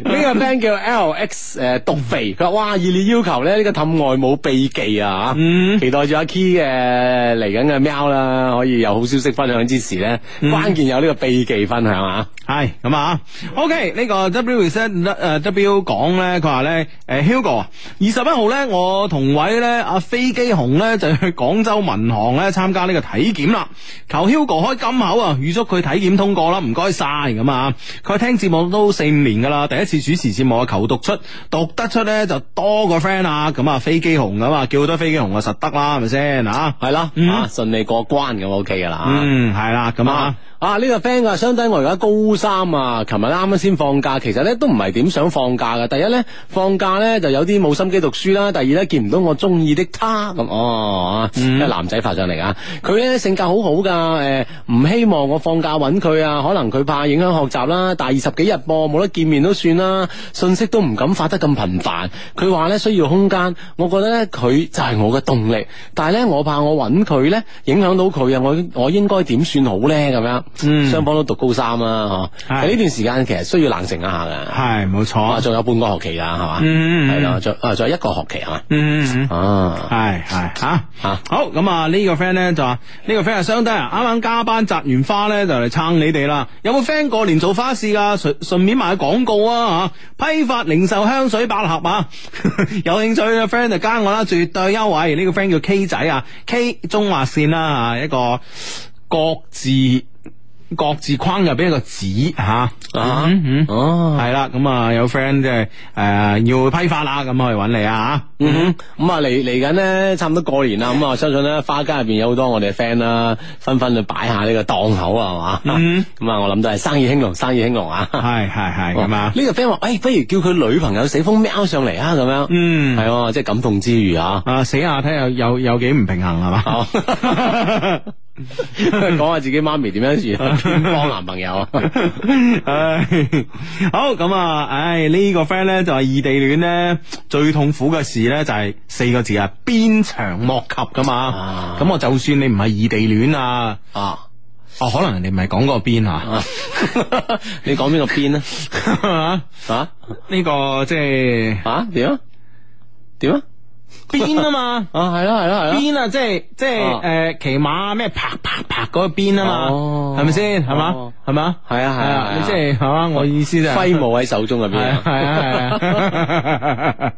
S1: 呢個 band 叫 L X。誒，讀肥佢話哇，熱烈要求咧呢、這個氹外冇秘技啊吓，嗯、期待住阿 Key 嘅嚟緊嘅喵啦，可以有好消息分享之時咧，嗯、關鍵有呢個秘技分享啊，係咁啊，OK 呢個 W 誒 W 講咧，佢話咧誒 Hugo 二十一號咧，我同位咧阿、啊、飛機雄咧就去廣州民航咧參加呢個體檢啦，求 Hugo 開金口啊，預祝佢體檢通過啦，唔該晒咁啊，佢聽節目都四五年噶啦，第一次主持節目啊，求讀出。讀得出咧就多個 friend 啊，咁啊飛機熊咁啊，叫多飛機熊啊實得啦，係咪先吓？係、啊、啦，順、 <noise> 啊、利過關咁 OK 噶啦，嗯，係啦，咁啊。啊啊啊！呢、這個 friend 啊，相對我而家高三啊，琴日啱啱先放假，其實咧都唔係點想放假嘅。第一咧，放假咧就有啲冇心機讀書啦；第二咧，見唔到我中意的他咁哦。嗯，男仔發上嚟啊，佢咧性格好好噶，誒、呃，唔希望我放假搵佢啊，可能佢怕影響學習啦。但係二十幾日噃，冇得見面都算啦，信息都唔敢發得咁頻繁。佢話咧需要空間，我覺得咧佢就係我嘅動力，但係咧我怕我搵佢咧影響到佢啊，我我應該點算好咧咁樣？嗯，雙方都讀高三啦，嗬。喺呢段時間其實需要冷靜一下嘅，係冇錯，仲有半個學期噶，係嘛，係啦、嗯嗯嗯，仲啊，仲有一個學期啊，嗯嗯嗯，啊，係係吓吓好咁啊。呢個 friend 咧就話呢個 friend 啊，相、這個、低啊，啱啱加班摘完花咧就嚟撐你哋啦。有冇 friend 過年做花市噶？順順便賣下廣告啊，吓、啊、批發零售香水百合啊， <laughs> 有興趣嘅 friend 就加我啦，絕對優惠。呢、這個 friend 叫 K 仔啊，K 中華線啦、啊，啊一個各自。各自框入邊一個紙吓、啊啊嗯，嗯哦，係啦、啊，咁啊有 friend 即係誒要批發啦，咁可以揾你啊吓、嗯，嗯咁啊嚟嚟緊咧，差唔多過年啦，咁 <laughs> 我相信咧花街入邊有好多我哋嘅 friend 啦，紛紛去擺下呢個檔口啊嘛，咁啊、嗯嗯、我諗都係生意興隆，生意興隆啊，係係係咁啊，呢個 friend 話誒，不如叫佢女朋友寫封 mail 上嚟啊，咁樣，嗯，係哦、嗯，即係、啊就是、感動之餘啊，啊寫下睇下有有，有，有，有，有幾唔平衡係嘛。 <laughs> <laughs> 講下 <laughs> 自己媽咪點樣算幫 <laughs> 男朋友、 <laughs> <laughs> 哎、好啊？唉、哎，好咁啊，唉呢個 friend 咧就係異地戀咧最痛苦嘅事咧就係四個字邊啊，鞭長莫及噶嘛。咁我就算你唔係異地戀啊，啊，
S2: 哦、啊、可能你
S1: 唔係講個邊啊？ <laughs> <laughs> 你講邊個邊咧？ <laughs> 啊？呢個即、就、係、是、啊？點啊？點啊？鞭啊嘛，啊係咯係咯係咯，鞭啊即係即係誒騎馬咩啪啪啪嗰個鞭啊嘛，哦，係咪先係嘛係嘛係啊係啊，即係係嘛，我意思就係揮舞喺手中入邊，係啊係啊。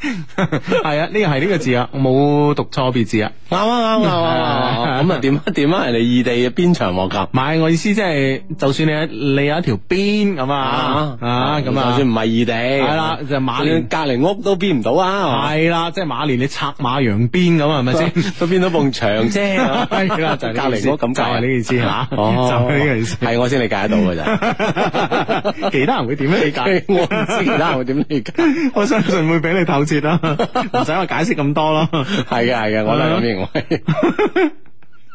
S1: 係啊，呢個係呢個字啊，我冇讀錯別字啊，啱啊啱啊，咁啊點啊點啊人哋異地嘅邊長禾鞭長莫及咁？唔係我意思，即係就算你你有一條邊咁啊啊咁啊，就算唔係異地，係啦，就馬連隔籬屋都邊唔到啊，係啦，即係馬連你策馬揚鞭咁啊，係咪先都變到埲牆啫？隔籬屋咁解呢件事吓，哦，係我先理解得到噶咋，其他人會點理解？我唔知其他人會點理解，我相信會俾你透。唔使 <laughs> <laughs> 我解釋咁多咯，係嘅係嘅，我就係咁認為。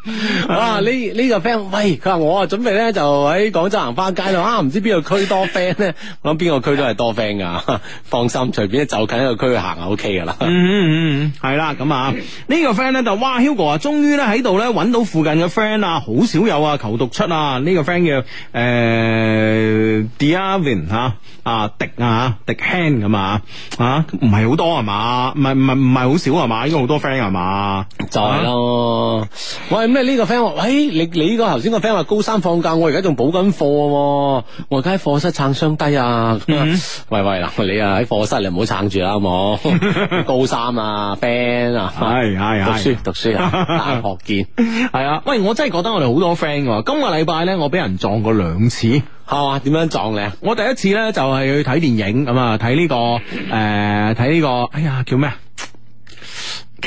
S1: <laughs> 啊！呢、這、呢個 friend 喂，佢話我啊準備咧就喺廣州行返街度啊，唔知邊個區多 friend 咧？我諗邊個區都係多 friend 噶、啊，放心，隨便就近一個區去行就 O K 噶啦。嗯嗯嗯係啦，咁啊呢個 friend 咧就哇 Hugo 啊，這個、呢 Hugo, 終於咧喺度咧搵到附近嘅 friend 啊，好少有啊，求讀出啊！呢、這個 friend 叫誒 Darin 吓啊，迪啊，迪 h a n 咁啊啊，唔係好多係嘛，唔係唔係唔係好少係嘛，應該好多 friend 係嘛，就係咯，喂。咩？呢個 friend 話，喂、欸，你你呢個頭先個 friend 話，高三放假，我而家仲補緊課，我而家喺課室撐雙低啊！喂、mm hmm. 喂，嗱你啊喺課室，你唔好撐住啦，好冇？ <laughs> 高三啊，friend 啊，係系系，讀書讀、啊、書， <laughs> 大學見，係 <laughs> 啊！喂，我真係覺得我哋好多 friend。今個禮拜咧，我俾人撞過兩次，係 <laughs> 啊，點樣撞你啊？我第一次咧就係去睇電影，咁啊睇呢個誒睇呢個，哎呀叫咩啊？哎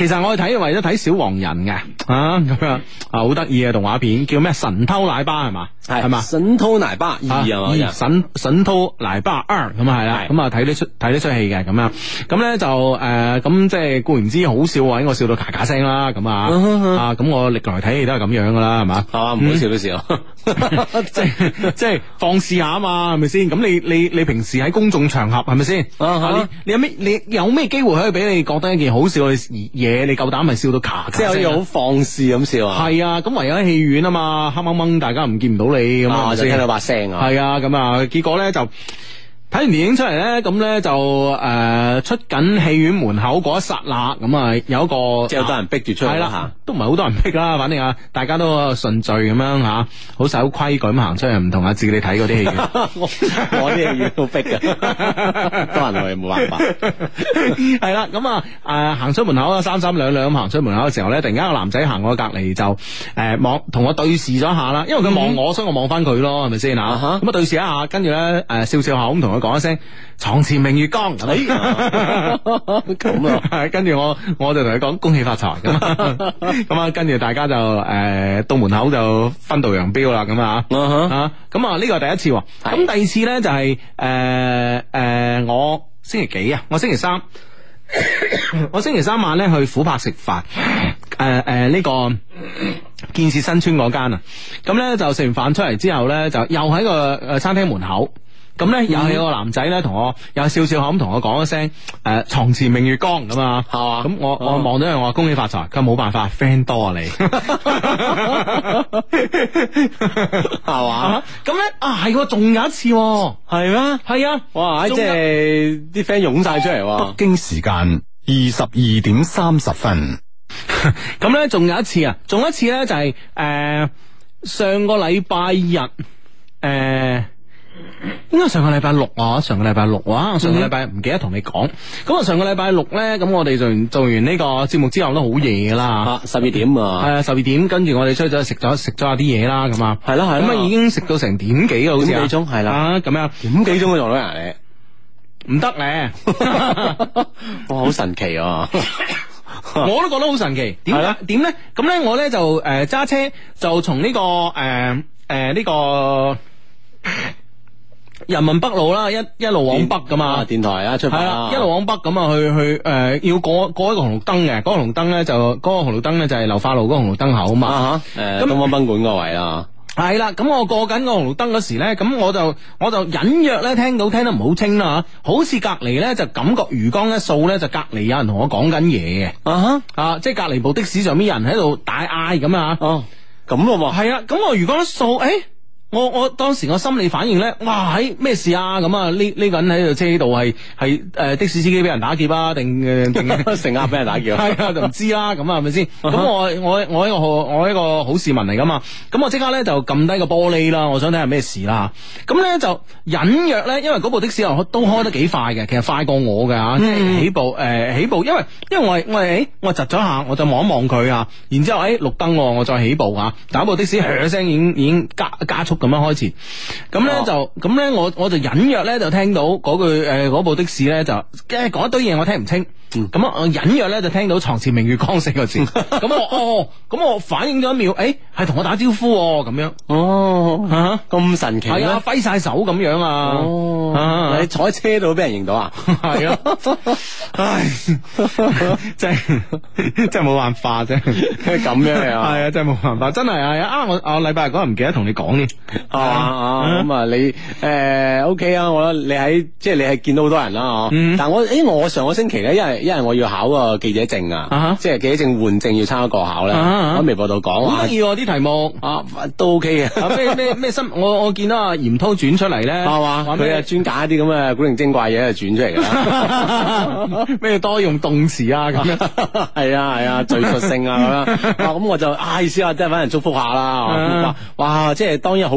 S1: 其實我去睇，為咗睇小黃人嘅啊，咁樣啊，好得意嘅動畫片，叫咩？神偷奶爸係嘛？係嘛？神偷奶爸二啊，啊神神偷奶爸二咁啊係啦，咁啊睇得出睇呢出戲嘅咁樣，咁咧就誒咁即係固然之好笑啊，啊啊啊我笑到咔咔聲啦，咁啊咁我歷來睇戲都係咁樣噶啦，係嘛、啊？係唔好笑都笑，即係即係放肆下啊嘛，係咪先？咁你你你，你平時喺公眾場合係咪先？你你有咩你有咩機會可以俾你覺得一件好笑嘅嘢？你夠膽咪笑到咔咔，即係好似好放肆咁笑啊！係啊，咁唯有喺戲院啊嘛，黑掹掹，大家唔見唔到你咁啊，只聽到把聲啊，係啊，咁啊，結果咧就。睇完電影出嚟，咧咁咧就誒、呃、出緊戲院門口嗰一剎那，咁啊有一個即係好多人逼住出嚟啦吓，啊、都唔係好多人逼啦，反正啊，大家都順序咁樣吓，好守規矩咁行出嚟，唔同自己你睇嗰啲戲院， <laughs> 我我啲係要逼嘅， <laughs> 多人去冇辦法。係啦、 <laughs> 啊，咁啊誒行出門口啊，三三兩兩咁行出門口嘅時候咧，突然間個男仔行我隔籬就誒望同我對視咗一下啦，因為佢望我，嗯、所以我望翻佢咯，係咪先啊？咁啊對視一下，跟住咧誒笑笑口。咁同講一聲，床前明月光。
S3: 咁、
S1: 哎、啊， <laughs> 跟住我我就同佢講，恭喜發財。咁啊，咁啊，跟住大家就誒、呃、到門口就分道揚鑣啦。咁啊，吓咁啊，呢個係第一次。咁、喔、是的 第二次咧就係誒誒，我星期幾啊？我星期三， <laughs> 我星期三晚咧去琥珀食飯。誒、呃、誒，呢、呃這個建設新村嗰間啊，咁咧就食完飯出嚟之後咧，就又喺個誒餐廳門口。咁咧、嗯，又有個男仔咧，同我有笑笑口咁同我講一聲，誒、呃、牀前明月光咁啊嘛，係嘛？咁嗎我我望到人話恭喜發財，佢冇辦法，friend 多啊你，係嘛？咁咧啊，係喎，仲、啊、有一次喎，係咩？係啊，哇！即係啲 friend 湧晒出嚟。北京時間二十二點三十分，咁咧仲有一次、就是、啊，仲有一次咧就係誒上個禮拜日誒。啊嗯應該上個禮拜六，啊，上個禮拜六啊，上個禮拜唔記得同你講。咁啊，上個禮拜六咧，咁我哋做完做完呢個節目之後都好夜㗎啦，十二、啊、點啊，係、嗯、啊，十二點，跟住我哋出咗去食咗食咗下啲嘢啦，咁啊，係啦、啊，係咁啊，已經食到成點幾啊，好似點幾鐘係啦，咁啊，點幾鐘嘅狀態嚟？唔得咧， <laughs> <laughs> 哇，好神奇啊！ <laughs> 我都覺得好神奇。係啦，點咧、啊？咁咧，我咧就誒揸車就從呢個誒誒呢個。呃呃呃這個人民北路啦，一一路往北噶嘛，電台啊，出邊係啦，一路往北咁啊，去去誒、呃，要過過一個紅綠燈嘅，嗰、那個紅綠燈咧就嗰、是那個紅綠燈咧就係流花路嗰個紅綠燈口啊嘛，誒、uh，huh, 東方賓館嗰位啊，係啦，咁我過緊個紅綠燈嗰時咧，咁我就我就隱約咧聽到聽得唔好清啦，好似隔籬咧就感覺魚缸一掃咧，就隔籬有人同我講緊嘢嘅，啊、uh huh. 啊，即、就、係、是、隔籬部的，的士上邊有人喺度大嗌咁啊，哦、uh，咁咯喎，係啊、yeah,，咁我魚缸一掃誒。我我當時我心理反應咧，哇喺、哎、咩事啊？咁啊，呢呢個人喺度車度係係誒的士司機俾人打劫啊？定誒乘客俾人打劫？係啊，就唔、 <laughs> 啊、 <laughs> 知啦、啊，咁啊係咪先？咁我我我一個好我一個好市民嚟噶嘛？咁我即刻咧就撳低個玻璃啦，我想睇係咩事啦？咁咧就隱約咧，因為嗰部的士都開得幾快嘅，其實快過我嘅啊，嗯、起步誒、呃、起步，因為因為我我誒我窒咗下，我就望一望佢、哎、啊，然之後誒綠燈我再起步啊。打部的士響聲已經已經加加速。咁樣開始，咁咧就，咁咧我我就隱約咧就聽到嗰句，誒嗰部的士咧就，誒講一堆嘢我聽唔清，咁啊我隱約咧就聽到床前明月光四個字，咁我哦，咁我反應咗一秒，誒係同我打招呼喎，咁樣，哦，咁神奇，係啊揮晒手咁樣啊，你坐喺車度都俾人認到啊，係啊，唉，真係真係冇辦法啫，咁樣係嘛，係啊真係冇辦法，真係啊啱我我禮拜嗰日唔記得同你講嘅。啊啊咁啊你誒 OK 啊我覺得你喺即係你係見到好多人啦吓，但我誒我上個星期咧，因為因為我要考個記者證啊，即係記者證換證要參加過考咧，喺微博度講，好得意喎啲題目啊都 OK 嘅，咩咩咩新我我見到阿嚴濤轉出嚟咧，係話佢啊專揀啲咁嘅古靈精怪嘢啊轉出嚟嘅，咩多用動詞啊咁樣，係啊係啊敘述性啊咁樣，咁我就唉試下，即係搵人祝福下啦，哇哇即係當然好。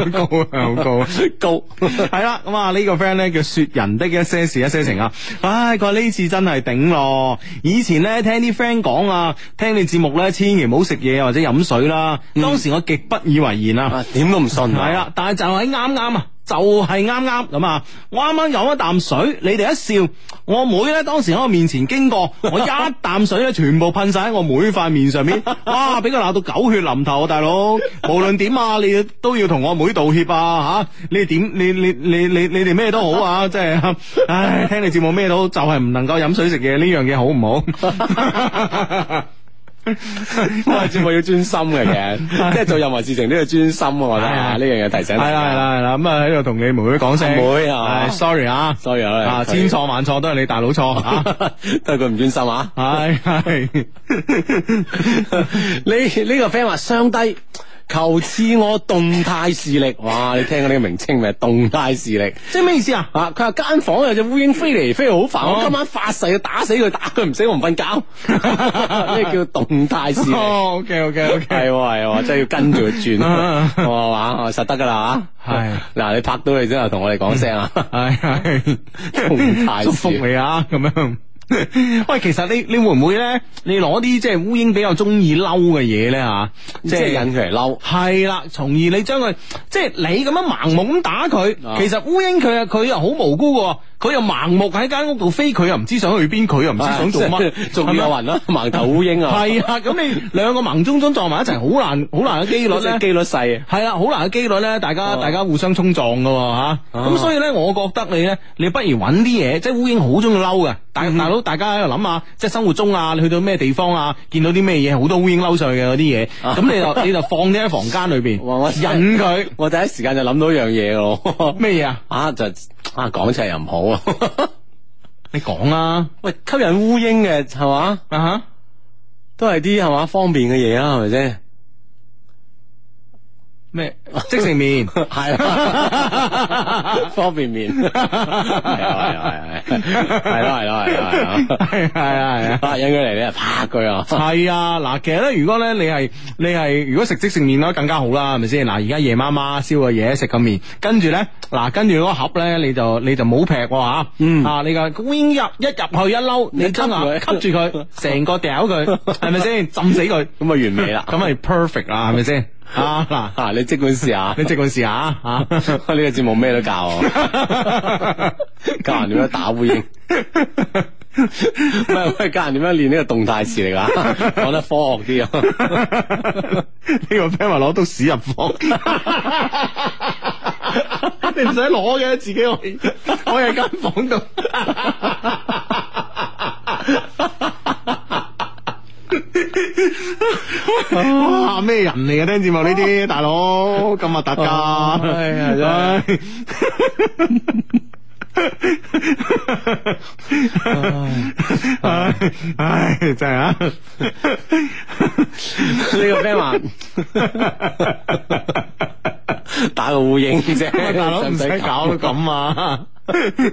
S1: 高啊，好 <laughs> 高， <laughs> 高係啦，咁 <laughs> 啊、這個、呢個 friend 咧叫雪人的一些事一些情啊，唉、哎，佢話呢次真係頂咯，以前咧聽啲 friend 講啊，聽你節目咧，千祈唔好食嘢或者飲水啦，啊，當時我極不以為然啊，點、啊、都唔信，啊，係啦， <laughs> 但係就係啱啱啊。就係啱啱咁啊！我啱啱飲一啖水，你哋一笑，我妹呢，當時喺我面前經過，我一啖水呢全部噴晒喺我妹塊面上面，啊！俾佢鬧到狗血淋頭啊！大佬，無論點啊，你都要同我妹道歉啊！吓、啊、你點你你你你你哋咩都好啊，即係唉，聽你節目咩都就係唔能夠飲水食嘢呢樣嘢好唔好？ <laughs> 我係節目要專心嘅其實，即係做任何事情都要專心。係啊，呢樣嘢提醒你。係啦係啦係啦，咁啊喺度同你妹妹講聲。妹妹，sorry 啊，sorry 啊，sorry 啊，千錯萬錯都係你大佬錯，都係佢唔專心啊。係係， <laughs> 哎、 <laughs> <laughs> 你呢 <laughs> 個 friend 話雙低。求賜我動態視力，哇！你聽過呢個名稱未動態視力，即係咩意思啊？啊，佢話間房間有隻烏蠅飛嚟，飛嚟好煩，煩哦、我今晚發誓要打死佢，打佢唔死我唔瞓覺。呢叫 <laughs> <laughs> 動態視力？哦，OK，OK，OK，係喎，真係要跟住佢轉，我話我實得噶啦，係、啊。嗱， <laughs> 你拍到佢之後同我哋講聲啊，係 <laughs> 係是，祝福你啊，咁樣。 <laughs> 喂，其實你你會唔會咧？你攞啲即係烏蠅比較中意嬲嘅嘢咧？吓，即係引佢嚟嬲係啦。從而你將佢即係你咁樣盲目咁打佢，啊、其實烏蠅佢啊，佢又好無辜嘅，佢又盲目喺間屋度飛，佢又唔知想去邊，佢又唔知想做乜，仲是有人咯、啊， <laughs> 盲頭烏蠅啊，係啊。咁你兩個盲中中撞埋一齊，好難好難嘅幾率咧，幾 <laughs> 率細係啊，好難嘅幾率咧，大家、啊、大家互相衝撞嘅吓。咁、啊啊、所以咧，我覺得你咧，你不如揾啲嘢，即係烏蠅好中意嬲噶。但大佬，嗯、大家喺度諗下，即係生活中啊，你去到咩地方啊，見到啲咩嘢，好多烏蠅嬲上去嘅嗰啲嘢，咁、啊、你就 <laughs> 你就放啲喺房間裏邊，引佢他。我第一時間就諗到一樣嘢咯，咩 <laughs> 嘢啊，啊？啊，就啊講出嚟又唔好 <laughs> 啊！你講啊！喂，吸引烏蠅嘅係嘛？啊哈，uh huh? 都係啲係嘛方便嘅嘢啊，係咪先？咩即食麵係啊！ <laughs> 方便麵係係係係啦係啦係啊！係啊係啊，啊！嗯、啊！引佢嚟你啊啪佢啊！係啊嗱，其實咧，如果咧你係你係如果食即食麵咧更加好啦，係咪先？嗱而家夜媽媽燒個嘢食個麵，跟住咧嗱跟住嗰個盒咧，你就你就冇劈過吓，嗯啊你個碗入一入去一撈，你真係 <laughs> 吸住佢，成個掉佢係咪先？ <laughs> 浸死佢，咁啊完美啦，咁啊 <laughs> perfect 啦係咪先？ <laughs> 啊嗱、啊，你即管試下，你即管試下啊！呢、啊這個節目咩都教我， <laughs> 教人點樣打烏蠅，唔係 <laughs> 教人點樣練呢個動態詞嚟㗎，講 <laughs> 得科學啲。啊。呢個 friend 話攞到屎入房， <laughs> <laughs> 你唔使攞嘅，自己我我喺間房度。 <laughs> <laughs> <laughs> 哇！咩人嚟、啊、嘅聽節目呢啲大佬咁核突㗎？ <laughs> 哎呀！真係、 <laughs> <laughs> 哎，真係啊！呢個咩話？打個呼應啫，大佬唔使搞到咁啊！呢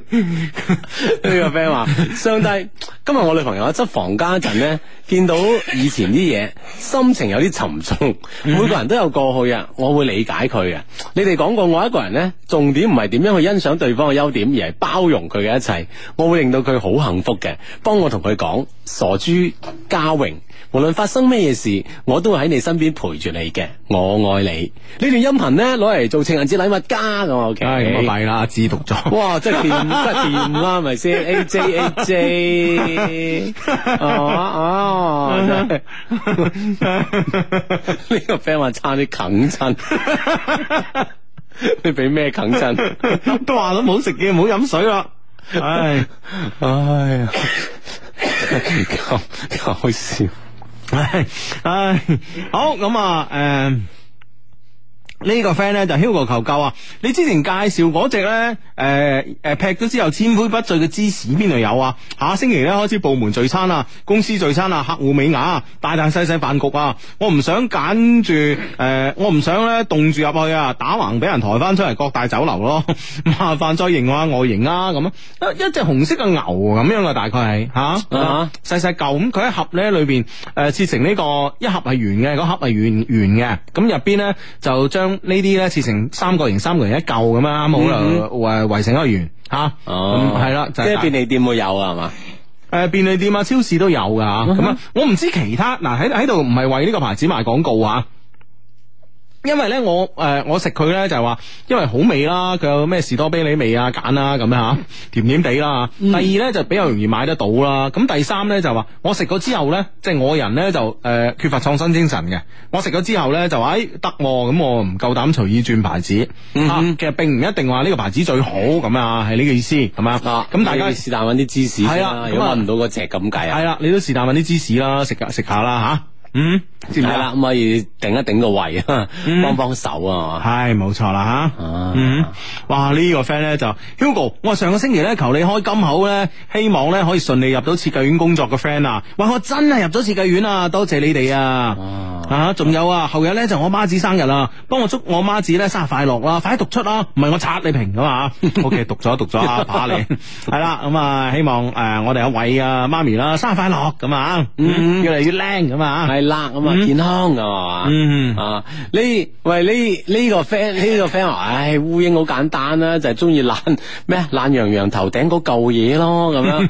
S1: <laughs> 個 friend 話： <laughs> 上帝，今日我女朋友喺執房間嗰陣咧，見到以前啲嘢，心情有啲沉重。每個人都有過去啊，我會理解佢嘅。你哋講過我一個人咧，重點唔係點樣去欣賞對方嘅優點，而係包容佢嘅一切。我會令到佢好幸福嘅。幫我同佢講，傻豬嘉榮，無論發生咩嘢事，我都會喺你身邊陪住你嘅。我愛你。呢段音頻咧，攞嚟做情人節禮物加我屋企，係唔係啦？自讀作，哇，真係掂得係掂啦，係咪先？A J A J，哦哦，呢、哦、 <laughs> <laughs> 個 friend 話差啲啃親。 <laughs> <laughs> 你俾咩啃真？ <laughs> 都話都冇食嘢，冇飲水啦。唉唉
S2: 呀，搞笑。唉唉， <laughs>
S1: 唉 <laughs> 好咁啊，誒、嗯。呢個 friend 咧就喺度求救啊！你之前介紹嗰隻咧，誒、呃、誒劈咗之後千杯不醉嘅芝士邊度有啊？下星期咧開始部門聚餐啊，公司聚餐啊，客戶尾牙、啊，大大細細飯局啊！我唔想揀住，誒、呃、我唔想咧凍住入去啊，打橫俾人抬翻出嚟各大酒樓咯、啊！麻煩再型啊，外形啊，咁啊一隻紅色嘅牛咁樣啊，大概係吓吓細細舊咁，佢、啊嗯呃這個、一盒咧裏邊誒切成呢個一盒係圓嘅，嗰盒係圓圓嘅，咁入邊咧就將。呢啲咧切成三角形，三角形一嚿咁樣，冇可能圍圍成一個圓吓。哦，係啦、嗯，就是、即係便利店會有啊，係嘛？誒、呃，便利店啊，超市都有噶吓。咁啊，我唔知其他嗱喺喺度唔係為呢個牌子賣廣告啊。因為咧，我誒，我食佢咧就係話，因為好味啦，佢有咩士多啤梨味啊，揀啦咁樣吓，甜甜地啦。第二咧就比較容易買得到啦。咁第三咧就話、是，我食咗之後咧，即、就、係、是、我人咧就誒、呃、缺乏創新精神嘅。我食咗之後咧就話，誒得，咁、啊、我唔夠膽隨意轉牌子、嗯哼啊。其實並唔一定話呢個牌子最好咁啊，係呢個意思係咪啊？咁大家、啊、是但搵啲芝士，係啊，又搵唔到個只咁計。係啦，你都是但搵啲芝士啦，食食下啦吓。嗯，知唔知、嗯嗯、啦，可以頂一頂個位，幫幫手啊！係，冇錯啦吓。嗯，哇，這個、呢個 friend 咧就 Hugo，我上個星期咧求你開金口咧，希望咧可以順利入到設計院工作嘅 friend 啊！喂，我真係入咗設計院啊！多謝你哋啊！啊，仲、啊、有啊，後日咧就我媽子生日啦、啊，幫我祝我媽子咧生日快樂啦，快讀出啦，唔係我拆你平噶嘛？O K，讀咗讀咗啊，爸你係啦，咁啊，希望誒、呃、我哋阿偉啊媽咪啦生日快樂咁啊，嗯、越嚟越靚咁啊！係啦，咁啊 <noise> 健康啊嘛、嗯，啊呢喂呢呢個 friend 呢個 friend 唉烏蠅好簡單啦，就係中意懶咩懶洋洋頭頂嗰嚿嘢咯，咁樣。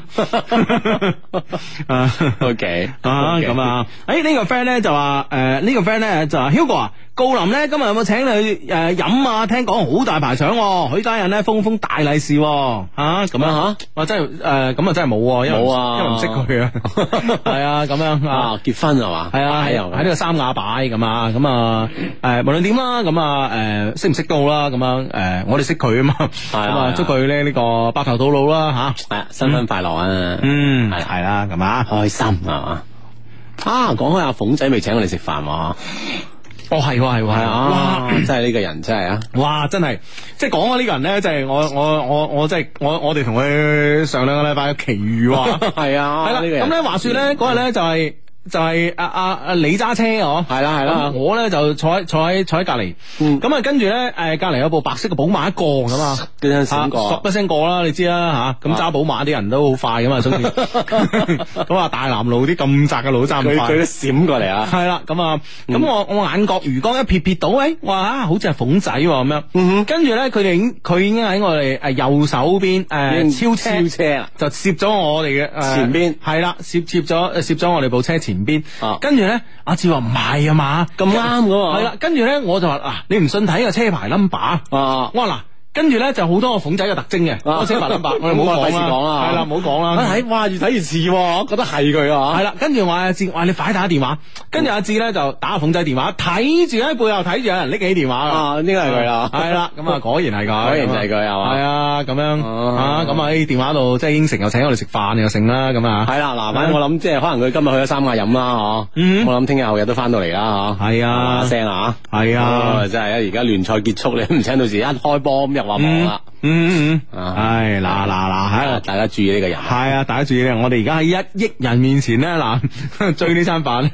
S1: O K 咁啊，誒呢個 friend 咧就話誒呢個 friend 咧就話 Hugo 啊，高林咧今日有冇請你誒飲啊？聽講好大排場，許家人咧封封大利是吓咁啊吓，我真係誒咁啊真係冇，因為因為唔識佢 ngh 1 <laughs> 啊，係啊咁樣啊結婚係嘛。係啊，喺呢個三亞擺咁啊，咁啊，誒，無論點啦，咁啊，誒，識唔識到啦，咁啊，誒，我哋識佢啊嘛，咁啊，祝佢咧呢個白頭到老啦，吓，係新婚快樂啊，嗯，係啦，咁啊，開心啊，啊，講開阿鳳仔未請我哋食飯嘛？哦，係喎，係喎，係啊，真係呢個人真係啊，哇，真係，即係講我呢個人咧，就係我我我我真係我我哋同佢上兩個禮拜嘅奇遇啊，係啊，係啦，咁咧話説咧嗰日咧就係。就係阿阿阿你揸車哦，係啦係啦，我咧就坐喺坐喺坐喺隔籬，咁啊跟住咧誒隔籬有部白色嘅寶馬一過咁啊，跟住閃過，一聲過啦，你知啦吓，咁揸寶馬啲人都好快噶嘛，所以咁啊大南路啲咁窄嘅路都揸唔快，佢都閃過嚟啊，係啦，咁啊咁我我眼角餘光一撇撇到，誒，哇好似係鳳仔咁樣，跟住咧佢哋佢已經喺我哋誒右手邊誒超超車，就攝咗我哋嘅前邊，係啦，攝攝咗攝咗我哋部車。前邊，啊，跟住咧，阿志話唔係啊嘛，咁啱噶，係啦，跟住咧，我就話啊，你唔信睇個車牌 number，啊我話，我話嗱。跟住咧就好多個鳳仔嘅特徵嘅，我寫白板，我哋唔好講啦，係啦，唔好講啦。哎，哇，越睇越似，覺得係佢啊，係啦。跟住話阿志，話你快打電話。跟住阿志咧就打個鳳仔電話，睇住喺背後睇住有人拎起電話啊，呢個係佢啦，係啦。咁啊，果然係佢，果然就係佢係嘛，係啊，咁樣吓，咁喺電話度即係應承又請我哋食飯又剩啦，咁啊，係啦，嗱，反正我諗即係可能佢今日去咗三亞飲啦，嗬，嗯，我諗聽日後日都翻到嚟啦，嗬，係啊，聲啊，吓，係啊，真係啊，而家聯賽結束你唔請到時一開波話啦，嗯嗯嗯，係嗱嗱嗱，吓，大家注意呢個人，係啊，大家注意呢。我哋而家喺一億人面前咧，嗱，追呢餐飯，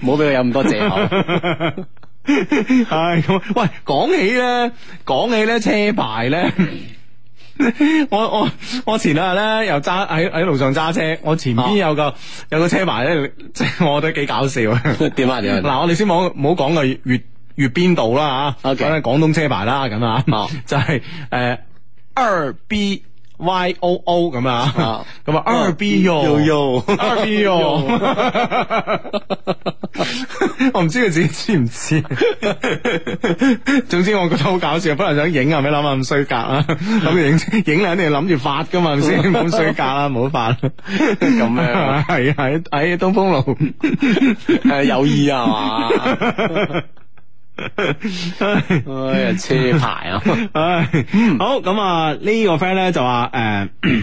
S1: 唔好俾佢有咁多借口。係咁，喂，講起咧，講起咧，車牌咧，我我我前兩日咧又揸喺喺路上揸車，我前邊有個有個車牌咧，即係我覺得幾搞笑。點啊？嗱，我哋先冇冇講個粵。越邊度啦吓，講緊廣東車牌啦咁啊，就係誒 r b y o o 咁啊，咁啊 r b 喲喲，r b 喲，o, <laughs> <laughs> 我唔知佢自己知唔知。總之我覺得好搞笑，本來想影 <laughs> <laughs> 啊，咪諗下咁衰格啊，咁影影肯定諗住發噶嘛，係咪先？咁衰格啦，冇得發，咁樣係喺喺東風路誒，友誼啊嘛。哎呀車牌啊！唉，好咁啊呢個 friend 咧就話誒。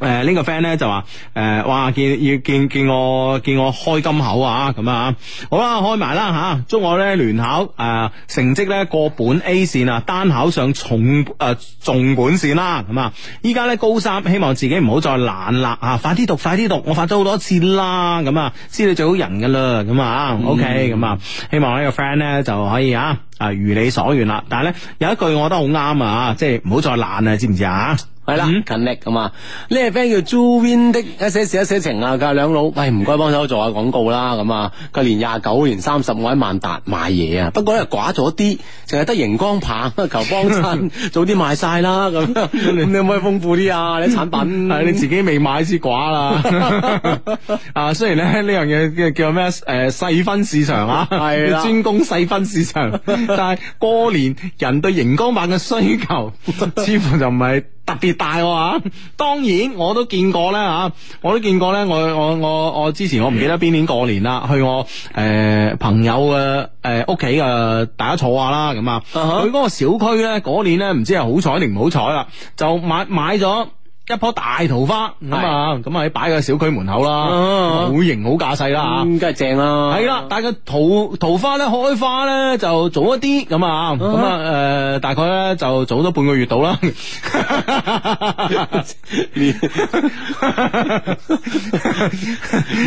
S1: 誒，呢個、uh, friend 咧就話，誒，哇，見要見見我見我開金口啊，咁、uh, 啊，好啦，開埋啦吓，祝我咧聯考誒、啊、成績咧過本 A 線啊，單考上重誒、呃、重本線啦，咁啊，依家咧高三，希望自己唔好再懶啦啊，啊，快啲讀，快啲讀，我發咗好多次啦，咁啊，啊，知你最好人噶啦，咁啊、嗯、，OK，咁啊，希望呢個 friend 咧、uh, 就可以、uh, 啊啊如你所願啦，但係咧有一句我覺得好啱啊，即係唔好再懶啊，知唔知，知啊？係啦，盡力咁啊！呢個 friend 叫 Joey，一些事一些情啊，佢兩老，喂、哎，唔該幫手做下廣告啦咁啊！佢年廿九，年三十我喺萬達買嘢啊，不過又寡咗啲，淨係得熒光棒，求幫襯，早啲賣晒啦咁。咁你可唔可以豐富啲啊？你產品係你自己未買先寡啦。啊，雖然咧呢樣嘢叫咩誒細分市場啊，係啦的，專攻細分市場，但係過年人對熒光棒嘅需求似乎就唔係特別大啊！當然我都見過咧吓，我都見過咧、啊。我我我我，我之前我唔記得邊年過年啦，嗯、去我誒、呃、朋友嘅誒屋企啊，大家坐下啦咁啊。佢嗰、uh huh. 個小區咧，嗰、嗰、年咧唔知係好彩定唔好彩啊，就買買咗。一棵大桃花咁啊，咁啊擺個小區門口啦，好型好架勢啦吓，梗係正啦。係啦，但係桃桃花咧開花咧就早一啲咁啊，咁啊誒，大概咧就早咗半個月到啦。二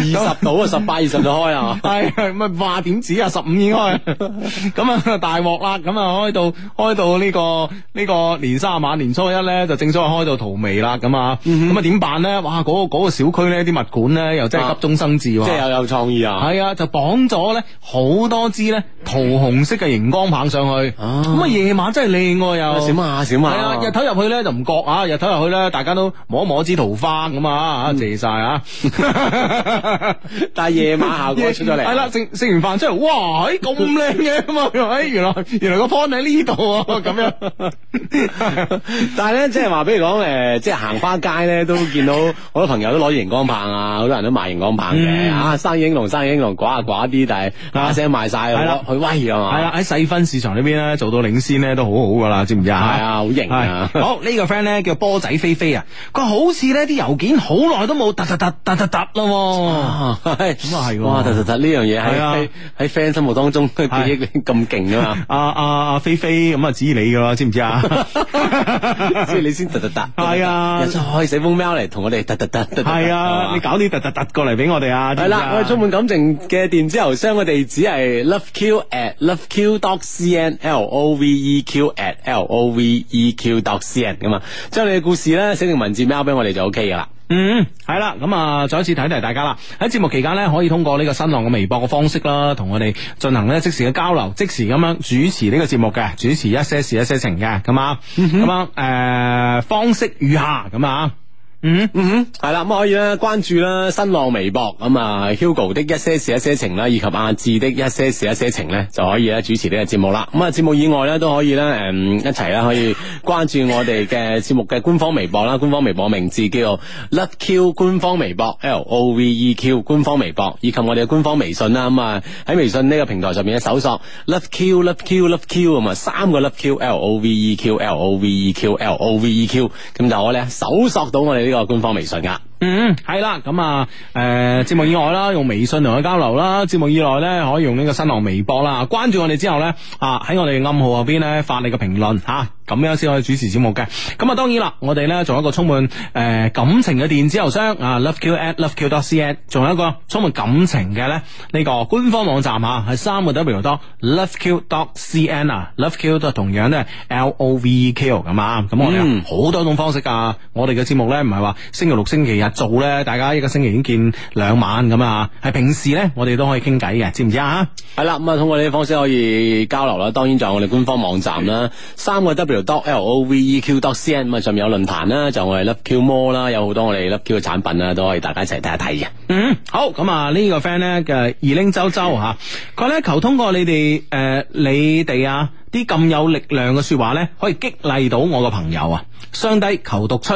S1: 十到啊，十八二十就開啊，係咪話點止啊？十五已經開，咁啊大鑊啦，咁啊開到開到呢個呢個年卅晚年初一咧就正所謂開到荼蘼啦，咁。咁啊點辦咧？哇，嗰、嗰個個小區咧，啲物管咧又真係急中生智，即係又有創意啊！係啊，就綁咗咧好多支咧桃紅色嘅熒光棒上去，咁啊、嗯嗯、夜晚真係靚喎又。閃吓閃吓係啊，日頭入去咧就唔覺啊，日頭入去咧大家都摸一摸支桃花咁啊，謝晒啊！嗯、 <laughs> 但係夜晚效果出咗嚟，係啦，食食完飯出嚟，哇，咁靚嘅嘛？咦， <laughs> 原來原來個 fun 喺呢度啊，咁樣。 <laughs> <laughs> 但係咧，即係話，比如講誒、呃，即係行。紅花街咧都見到好多朋友都攞熒光棒啊，好多人都賣熒光棒嘅啊，生意興隆生意興隆，寡啊寡啲，但係聲聲賣晒，係啦，好威啊嘛，係啦，喺細分市場呢邊咧做到領先咧都好好噶啦，知唔知啊？係啊，好型啊！好呢個 friend 咧叫波仔菲菲啊，佢好似呢啲郵件好耐都冇，突突突突突突咯，咁啊係，哇突突突呢樣嘢喺喺 friend 心目當中都記憶咁勁啊嘛？啊啊，菲菲」飛咁啊，指你噶咯，知唔知啊？即係你先突突突，係啊。就可以寫封 mail 嚟同我哋突突突，係啊！你搞啲突突突過嚟俾我哋啊！係啦，我哋充滿感情嘅電子郵箱嘅地址係 loveq at loveq dot cn，l o v e q at l o v e q dot cn 咁啊，將你嘅故事咧寫成文字 mail 俾我哋就 ok 㗎啦。嗯，係啦，咁啊，再一次提提大家啦。喺節目期間呢，可以通過呢個新浪嘅微博嘅方式啦，同我哋進行呢即時嘅交流，即時咁樣主持呢個節目嘅，主持一些事一些情嘅，咁啊，咁啊、嗯哼，誒、呃，方式如下，咁啊。Mm hmm. 嗯嗯係啦咁可以咧關注啦新浪微博咁、嗯、啊 Hugo 的一些事一些情啦，以及阿、啊、志的一些事一些情咧就可以咧主持呢個節目啦。咁、嗯、啊節目以外咧都可以咧誒、嗯、一齊咧可以關注我哋嘅節目嘅官方微博啦。 <laughs> 官方微博名字叫 Love Q 官方微博，L O V E Q 官方微博，以及我哋嘅官方微信啦。咁啊喺微信呢個平台上面咧搜索 <laughs> Love Q Love Q Love Q 啊三個 Love Q，L O V E Q，L O V E Q，L O V E Q，咁、e、就可以咧搜索到我哋、這。個都有官方微信啊！嗯，係啦，咁啊，誒，節目以外啦，用微信同佢交流啦，節目以外咧可以用呢個新浪微博啦，關注我哋之後咧，啊，喺我哋暗號入邊咧發你嘅評論吓，咁樣先可以主持節目嘅。咁啊，當然啦，我哋咧仲有一個充滿誒感情嘅電子郵箱啊，loveq at loveq dot cn，仲有一個充滿感情嘅咧呢個官方網站啊，係三個 w 度 loveq dot cn 啊，loveq 都係同樣咧，l o v e q 咁啊，咁我哋好多種方式啊，我哋嘅節目咧唔係話星期六、星期日。做咧，大家一個星期已經見兩晚咁啊，係平時咧，我哋都可以傾偈嘅，知唔知啊？係啦，咁啊，通過呢啲方式可以交流啦。當然就係我哋官方網站啦，嗯啊、三個 w dot l o v e q dot c n 咁啊，上面有論壇啦，就我哋 love q more 啦，有好多我哋 love q 嘅產品啦，都可以大家一齊睇一睇嘅。嗯，好，咁啊，呢個 friend 咧叫二拎周周吓，佢咧的求通過你哋誒、呃，你哋啊啲咁有力量嘅說話咧，可以激勵到我個朋友啊，相低求讀出。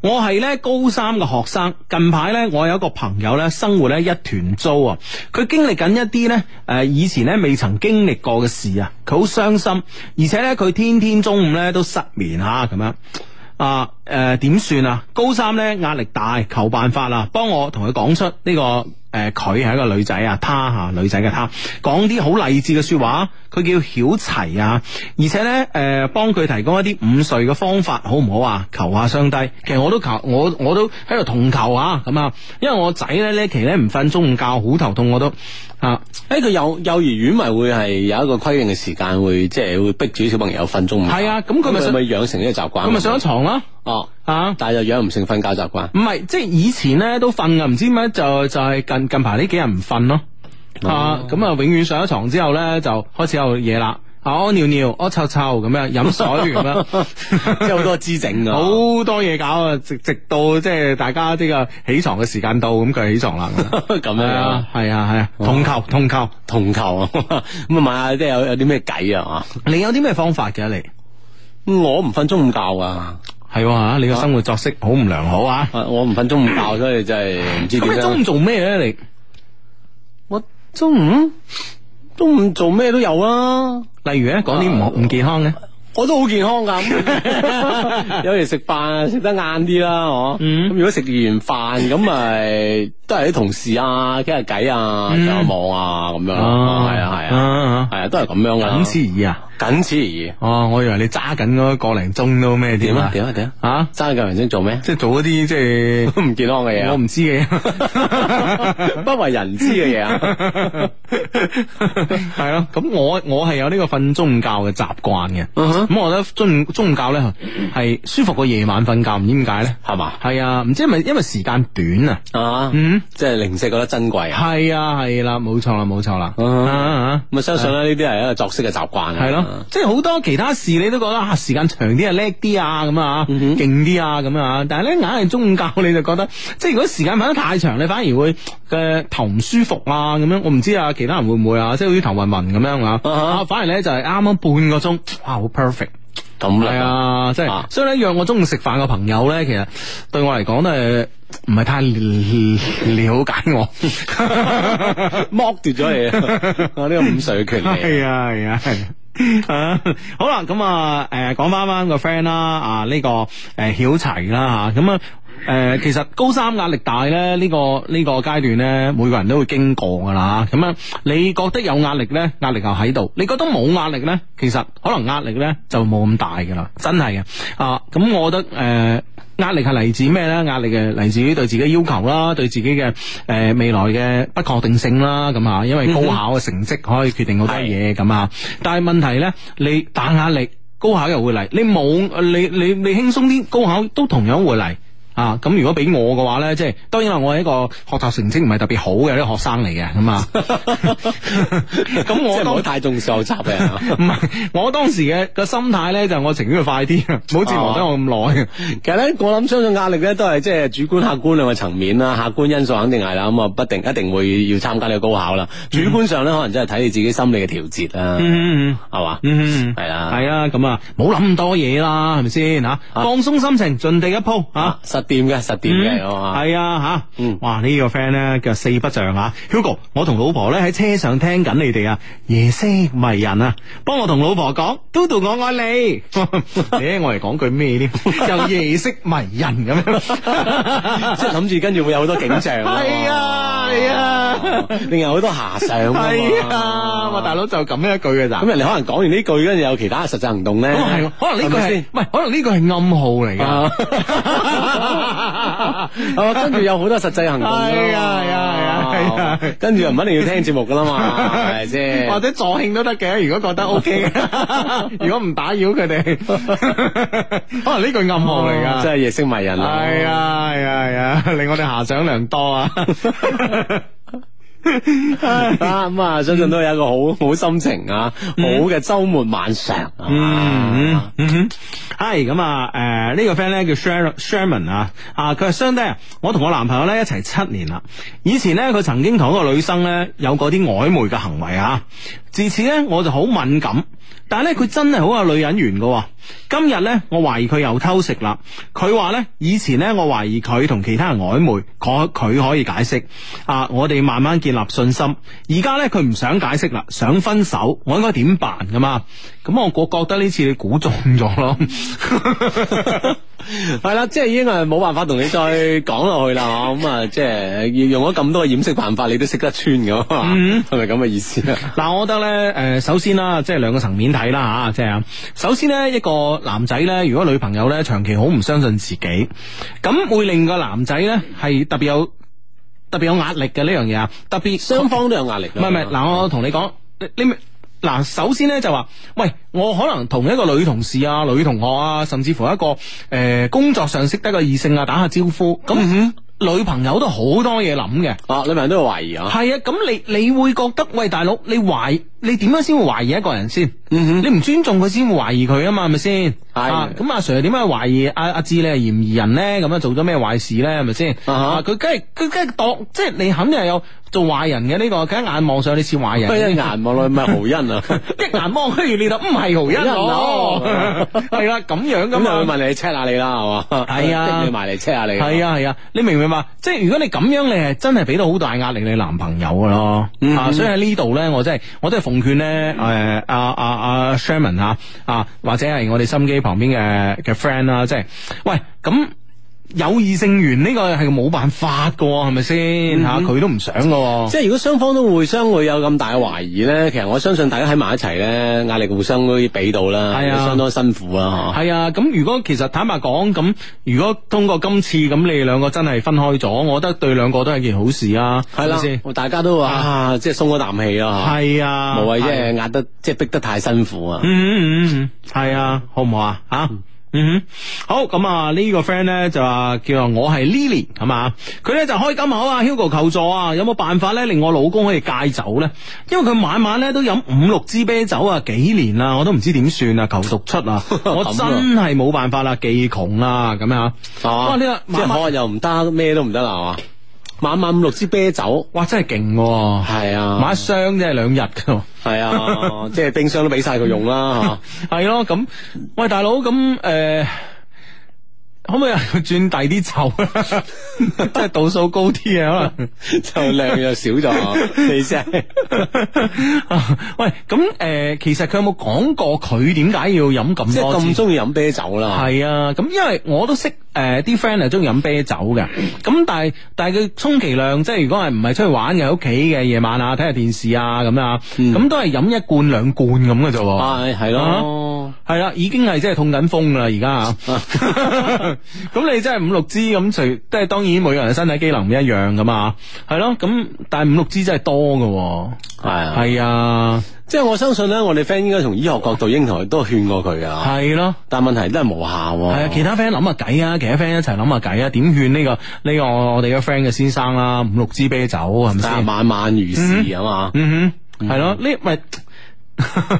S1: 我係咧高三嘅學生，近排咧我有一個朋友咧生活咧一團糟啊，佢經歷緊一啲咧誒以前咧未曾經歷過嘅事啊，佢好傷心，而且咧佢天天中午咧都失眠吓咁樣啊。誒，點算啊？高三呢，壓力大，求辦法啦！幫我同佢講出呢個誒，佢係一個女仔啊，她吓女仔嘅，她講啲好勵志嘅說話。佢叫曉齊啊，而且呢，誒，幫佢提供一啲午睡嘅方法，好唔好啊？求下上帝，其實我都求我我都喺度同求啊。咁啊，因為我仔呢，呢期呢唔瞓中午覺，好頭痛，我都啊喺佢幼幼兒園咪會係有一個規定嘅時間，會即係會逼住小朋友瞓中午。係啊，咁佢咪可養成呢個習慣？咁咪上床啦。哦，啊，但係又養唔成瞓覺習慣，唔係即係以前咧都瞓，就是，啊，唔知乜就就係近近排呢幾日唔瞓咯。啊，咁啊，永遠上咗床之後咧就開始有嘢啦，屙，啊啊、尿尿，屙，啊、臭臭咁樣，飲水咁 <laughs> 樣，即係好多姿整 <laughs> 樣啊，好多嘢搞啊，直直到即係大家呢個起床嘅時間到，咁佢起床啦。咁樣係啊係啊，痛同痛同求同啊。唔係即係有有啲咩計啊？你有啲咩方法嘅你？我唔瞓中午覺啊。係啊，你個生活作息好唔良好啊！我唔瞓中午覺，所以真係唔知點。咁中午做咩咧？你我中午中午做咩都有啦、啊。例如咧講啲唔唔健康嘅。我都好健康噶，有嘢食飯食得晏啲啦，嗬。咁如果食完飯咁咪都係啲同事啊，傾下偈啊，望一望啊，咁樣。係啊，係啊，係啊，都係咁樣嘅。僅此而已啊！僅此而已。啊，我以為你揸緊嗰個零鐘都咩點啊？點啊點啊？啊，揸緊個零鐘做咩？即係做一啲即係唔健康嘅嘢。我唔知嘅，不為人知嘅嘢啊。係咯，咁我我係有呢個瞓中覺嘅習慣嘅。咁我覺得中午中午覺咧係舒服過夜晚瞓覺，唔知點解咧，係嘛？係啊，唔知係咪因為時間短啊，啊，嗯，即係零舍覺得珍貴，係啊，係啦，冇錯啦，冇錯啦，啊啊，咁相信呢啲係一個作息嘅習慣。係咯，即係好多其他事你都覺得啊時間長啲啊叻啲啊咁啊，勁啲啊咁啊，但係咧硬係中午覺你就覺得，即係如果時間瞓得太長，你反而會嘅頭唔舒服啊咁樣，我唔知啊其他人會唔會啊，即係好似頭暈暈咁樣啊，反而咧就係啱啱半個鐘啊。咁係啊，即係，所以咧，約我中午食飯嘅朋友咧，其實對我嚟講都係唔係太了解我，剝奪咗你我呢、 <laughs> 啊這個午睡嘅權利。係啊，係啊，係啊， <laughs> <laughs> 好啦，咁啊，誒、呃，講翻翻個 friend 啦、啊，啊，呢、這個誒曉齊啦，吓、呃、咁啊。啊。誒、呃，其實高三壓力大咧，呢、這個呢、這個階段呢，每個人都會經過噶啦。咁、啊、樣你覺得有壓力呢？壓力又喺度；你覺得冇壓力呢？其實可能壓力呢就冇咁大噶啦。真係嘅啊，咁我覺得誒、呃，壓力係嚟自咩呢？壓力嘅嚟自於對自己要求啦，對自己嘅誒、呃、未來嘅不確定性啦。咁吓，因為高考嘅成績可以決定好多嘢咁啊。嗯、哼但係問題呢，你打壓力，高考又會嚟；你冇，你你你，你，你輕鬆啲，高考都同樣會嚟。啊，咁如果俾我嘅話咧，即係當然啦，我係一個學習成績唔係特別好嘅一個學生嚟嘅。咁啊，咁我唔係太重視複習，唔係我當時嘅個心態咧，就我情願快啲，唔好折磨得我咁耐。其實咧，我諗相信壓力咧都係即係主觀客觀兩個層面啦，客觀因素肯定係啦，咁啊，不定一定會要參加呢個高考啦。主觀上咧，可能真係睇你自己心理嘅調節啦，係嘛，嗯，係啦，係啊，咁啊，唔好諗咁多嘢啦，係咪先吓？放鬆心情，盡地一鋪吓，掂嘅，實掂嘅，係啊，吓，哇！呢個 friend 咧叫四不像啊，Hugo，我同老婆咧喺車上聽緊你哋啊，夜色迷人啊，幫我同老婆講 d o 我愛你。誒，我嚟講句咩咧？又夜色迷人咁樣，即係諗住跟住會有好多景象。係啊，係啊，另人好多遐想。係啊，我大佬就咁一句嘅咋？咁你可能講完呢句，跟住有其他實際行動咧。係，可能呢個先，唔係，可能呢個係暗號嚟噶。哦，跟住、 <laughs> 啊、有好多實際行動咯。係啊，係、
S2: 哎哎、啊，係啊、
S1: 哎呀，跟住唔一定要聽節目噶啦嘛，係咪先？或者助興都得嘅，如果覺得 OK，如果唔打擾佢哋，可能呢句暗號嚟噶， <laughs> 真係夜色迷人咯。係啊，係啊、哎，係、哎、啊，令我哋遐想良多啊。 <laughs> 啊， <laughs> 咁啊，相信都有一個好好心情啊，好嘅周末晚上啊，係咁啊，誒、嗯嗯嗯嗯呃這個、呢個 friend 咧叫 her, Sherman 啊，啊佢係 Shandy，、e, 我同我男朋友咧一齊七年啦，以前咧佢曾經同一個女生咧有過啲曖昧嘅行為啊，自此咧我就好敏感。但係咧，佢真係好有女人緣噶。今日咧，我懷疑佢又偷食啦。佢話咧，以前咧，我懷疑佢同其他人曖昧，佢佢可以解釋。啊，我哋慢慢建立信心。而家咧，佢唔想解釋啦，想分手。我應該點辦噶嘛？咁我覺得呢次你估中咗咯。係啦，即係已經係冇辦法同你再講落去啦。咁啊，即係用咗咁多嘅掩飾辦法，你都識得穿噶。嗯，係咪咁嘅意思？嗱， <laughs> 我覺得咧，誒，首先啦，即係兩個層。免睇啦吓，即係首先呢，一個男仔呢，如果女朋友呢，長期好唔相信自己，咁會令個男仔呢，係特別有特別有壓力嘅呢樣嘢啊！特別雙方都有壓力。唔係唔係，嗱、啊、我同你講，你咪嗱、啊，首先呢，就話、是，喂，我可能同一個女同事啊、女同學啊，甚至乎一個誒、呃、工作上識得嘅異性啊打下招呼，咁、嗯嗯、女朋友都好多嘢諗嘅。啊，女朋友都有懷疑啊。係啊，咁你你會覺得喂，大佬你懷？你點樣先會懷疑一個人先？你唔尊重佢先會懷疑佢啊嘛？係咪先？係咁阿 Sir 點解懷疑阿阿志你係嫌疑人咧？咁樣做咗咩壞事咧？係咪先？佢梗係佢梗係度，即係你肯定係有做壞人嘅呢個，梗係眼望上你似壞人。佢眼望落唔係豪恩啊，一眼望譬如你就唔係豪恩咯，係啦咁樣噶嘛。咁就會問你 check 下你啦，係嘛？係啊，你埋嚟 check 下你。係啊係啊，你明唔明啊？即係如果你咁樣，你係真係俾到好大壓力你男朋友噶咯。啊，所以喺呢度咧，我真係我都係。奉勸咧，誒，阿阿阿 Sherman 嚇，啊,啊,啊,啊,啊,啊或者係我哋心機旁邊嘅嘅 friend 啦、啊，即係喂咁。有異性緣呢個係冇辦法噶係咪先吓？佢都唔想噶。即係如果雙方都互相會有咁大嘅懷疑咧，其實我相信大家喺埋一齊咧，壓力互相都俾到啦，係啊，相當辛苦啊。吓！係啊！咁如果其實坦白講，咁如果通過今次咁，你哋兩個真係分開咗，我覺得對兩個都係件好事啊。係咪大家都話，即係鬆咗啖氣啊。係啊，無謂即係壓得即係逼得太辛苦啊。嗯嗯嗯，係啊，好唔好啊？吓。嗯哼，好咁啊！這個、呢個 friend 咧就話叫做我係 Lily 係嘛，佢咧就開金口啊，Hugo 求助啊，有冇辦法咧令我老公可以戒酒咧？因為佢晚晚咧都飲五六支啤酒啊，幾年啦，啊，我都唔知點算啊，求贖出啊， <laughs> 我真係冇辦法啦，技窮啦，咁啊，哦、啊，即係、啊啊、又唔得，咩都唔得啦嘛。晚晚五六支啤酒，哇！真係勁喎，係啊，買一箱真係兩日噶，係啊， <laughs> 即係冰箱都俾晒佢用啦，係咯、 <laughs> 啊。咁喂，大佬咁，誒。呃可唔可以又轉大啲酒，即 <laughs> 係度數高啲嘅，可能就量又少咗，你識？ <laughs> <laughs> <laughs> 喂，咁、呃、誒，其實佢有冇講過佢點解要飲咁即係咁中意飲啤酒啦？係啊，咁因為我都識誒，啲 friend 係中意飲啤酒嘅，咁 <coughs> 但係但係佢充其量即係如果係唔係出去玩嘅，喺屋企嘅夜晚啊，睇下電視啊咁啊，咁都係飲一罐兩罐咁嘅啫。係係咯，係啦、 <laughs> 啊，已經係即係痛緊風啦，而家啊。 <laughs> <laughs> 咁你真係五六支咁隨，即係當然，每個人嘅身體機能唔一樣噶嘛，係咯。咁但係五六支真係多噶，係啊、哎呀，的即係我相信咧，我哋 friend 應該從醫學角度應該都勸過佢噶，係咯的。但係問題都係無效。係啊，其他 friend 諗下偈啊，其他 friend 一齊諗下偈啊，點勸呢、呢個呢、呢個我哋嘅 friend 嘅先生啦，五六支啤酒係咪先？晚晚如是啊嘛，嗯哼，係咯、嗯，呢咪咁。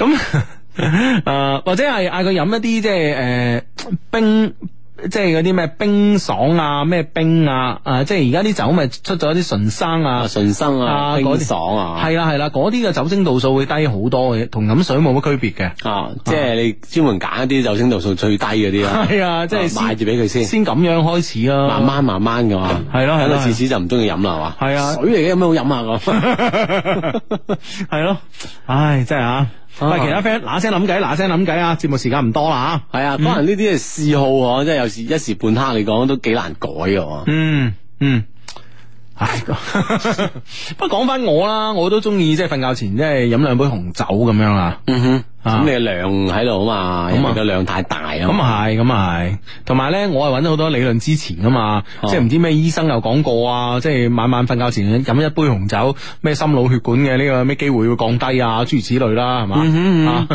S1: 嗯 <laughs> 誒，或者係嗌佢飲一啲即係誒冰，即係嗰啲咩冰爽啊，咩冰啊，啊，即係而家啲酒咪出咗啲純生啊，純生啊，嗰啲爽啊，係啦係啦，嗰啲嘅酒精度數會低好多嘅，同飲水冇乜區別嘅啊，即係你專門揀一啲酒精度數最低嗰啲啊，係啊，即係買住俾佢先，先咁樣開始啊，慢慢慢慢㗎嘛，係咯，等佢試試就唔中意飲啦，係嘛，係啊，水嚟嘅有咩好飲啊，咁係咯，唉，真係啊！喂，啊、其他 friend，嗱聲諗計，嗱聲諗計啊！節目時間唔多啦，吓係啊，當然呢啲係嗜好，嗬、嗯，即係有時一時半刻嚟講都幾難改嘅，嗬、嗯。嗯嗯。不過講翻我啦，我都中意即係瞓覺前即係飲兩杯紅酒咁樣、嗯哼、樣，樣啊。咁你量喺度啊嘛，咁啊量太大啊。咁啊係，咁啊係。同埋咧，我係搵到好多理論支持啊嘛，嗯、哼即係唔知咩醫生又講過啊，即係晚晚瞓覺前飲一杯紅酒，咩心腦血管嘅呢、這個咩機會會降低啊，諸如此類啦，係嘛。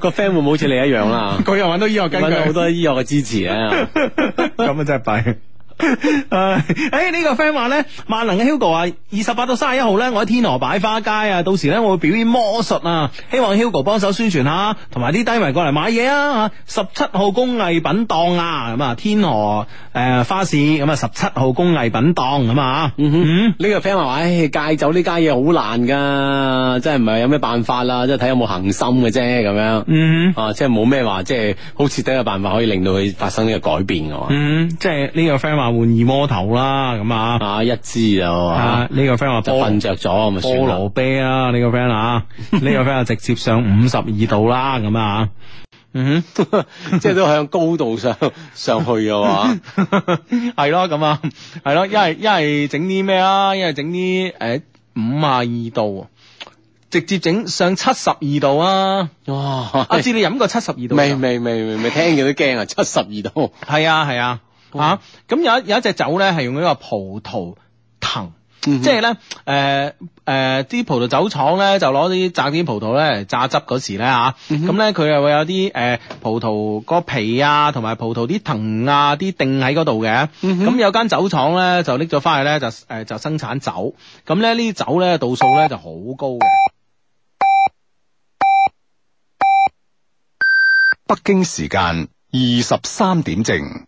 S1: 個 friend 會唔會好似你一樣啦？佢 <laughs> 又搵到醫學好 <laughs> 多醫學嘅支持啊。咁啊真係弊。誒、 <laughs> 哎、誒、這、呢個 friend 話咧，萬能嘅 Hugo 啊，二十八到三十一號咧，我喺天河擺花街啊，到時咧我會表演魔術啊，希望 Hugo 幫手宣傳下，同埋啲低迷過嚟買嘢啊，十、啊、七號工藝品檔啊，咁啊天河誒、呃、花市咁啊十七號工藝品檔咁啊，嗯呢哼、嗯、個 friend 話，誒、哎、戒酒呢家嘢好難噶，真係唔係有咩辦法啦、嗯哼啊，即係睇有冇恒心嘅啫，咁樣，啊即係冇咩話，即係好徹底嘅辦法可以令到佢發生呢個改變㗎喎，嗯，即係呢個 friend 話。換二魔頭啦，咁啊，一枝啊。呢個 friend 我瞓着咗，咪算啦。菠羅啤啊，呢個 friend 啊，呢個 friend 啊，直接上五十二度啦，咁啊 <laughs> 樣，嗯，即係都向高度上上去嘅話，係咯， <laughs> <laughs> 咁啊，係咯，一係一係整啲咩啊，一係整啲誒五啊二度，直接整上七十二度啊，哇，阿志你飲過七十二度未？未未未未聽嘅都驚啊，七十二度，係啊係啊。吓咁、嗯、哼有有一隻酒咧，係用呢個葡萄藤，即係咧誒誒，啲、呃呃、葡萄酒廠咧就攞啲榨啲葡萄咧榨汁嗰時咧吓，咁咧佢係會有啲誒、呃、葡萄個皮啊，同埋葡萄啲藤啊，啲定喺嗰度嘅。咁、嗯、哼有間酒廠咧就拎咗返去咧就誒就生產酒，咁咧呢啲酒咧度數咧就好高嘅。北京時間二十三點正。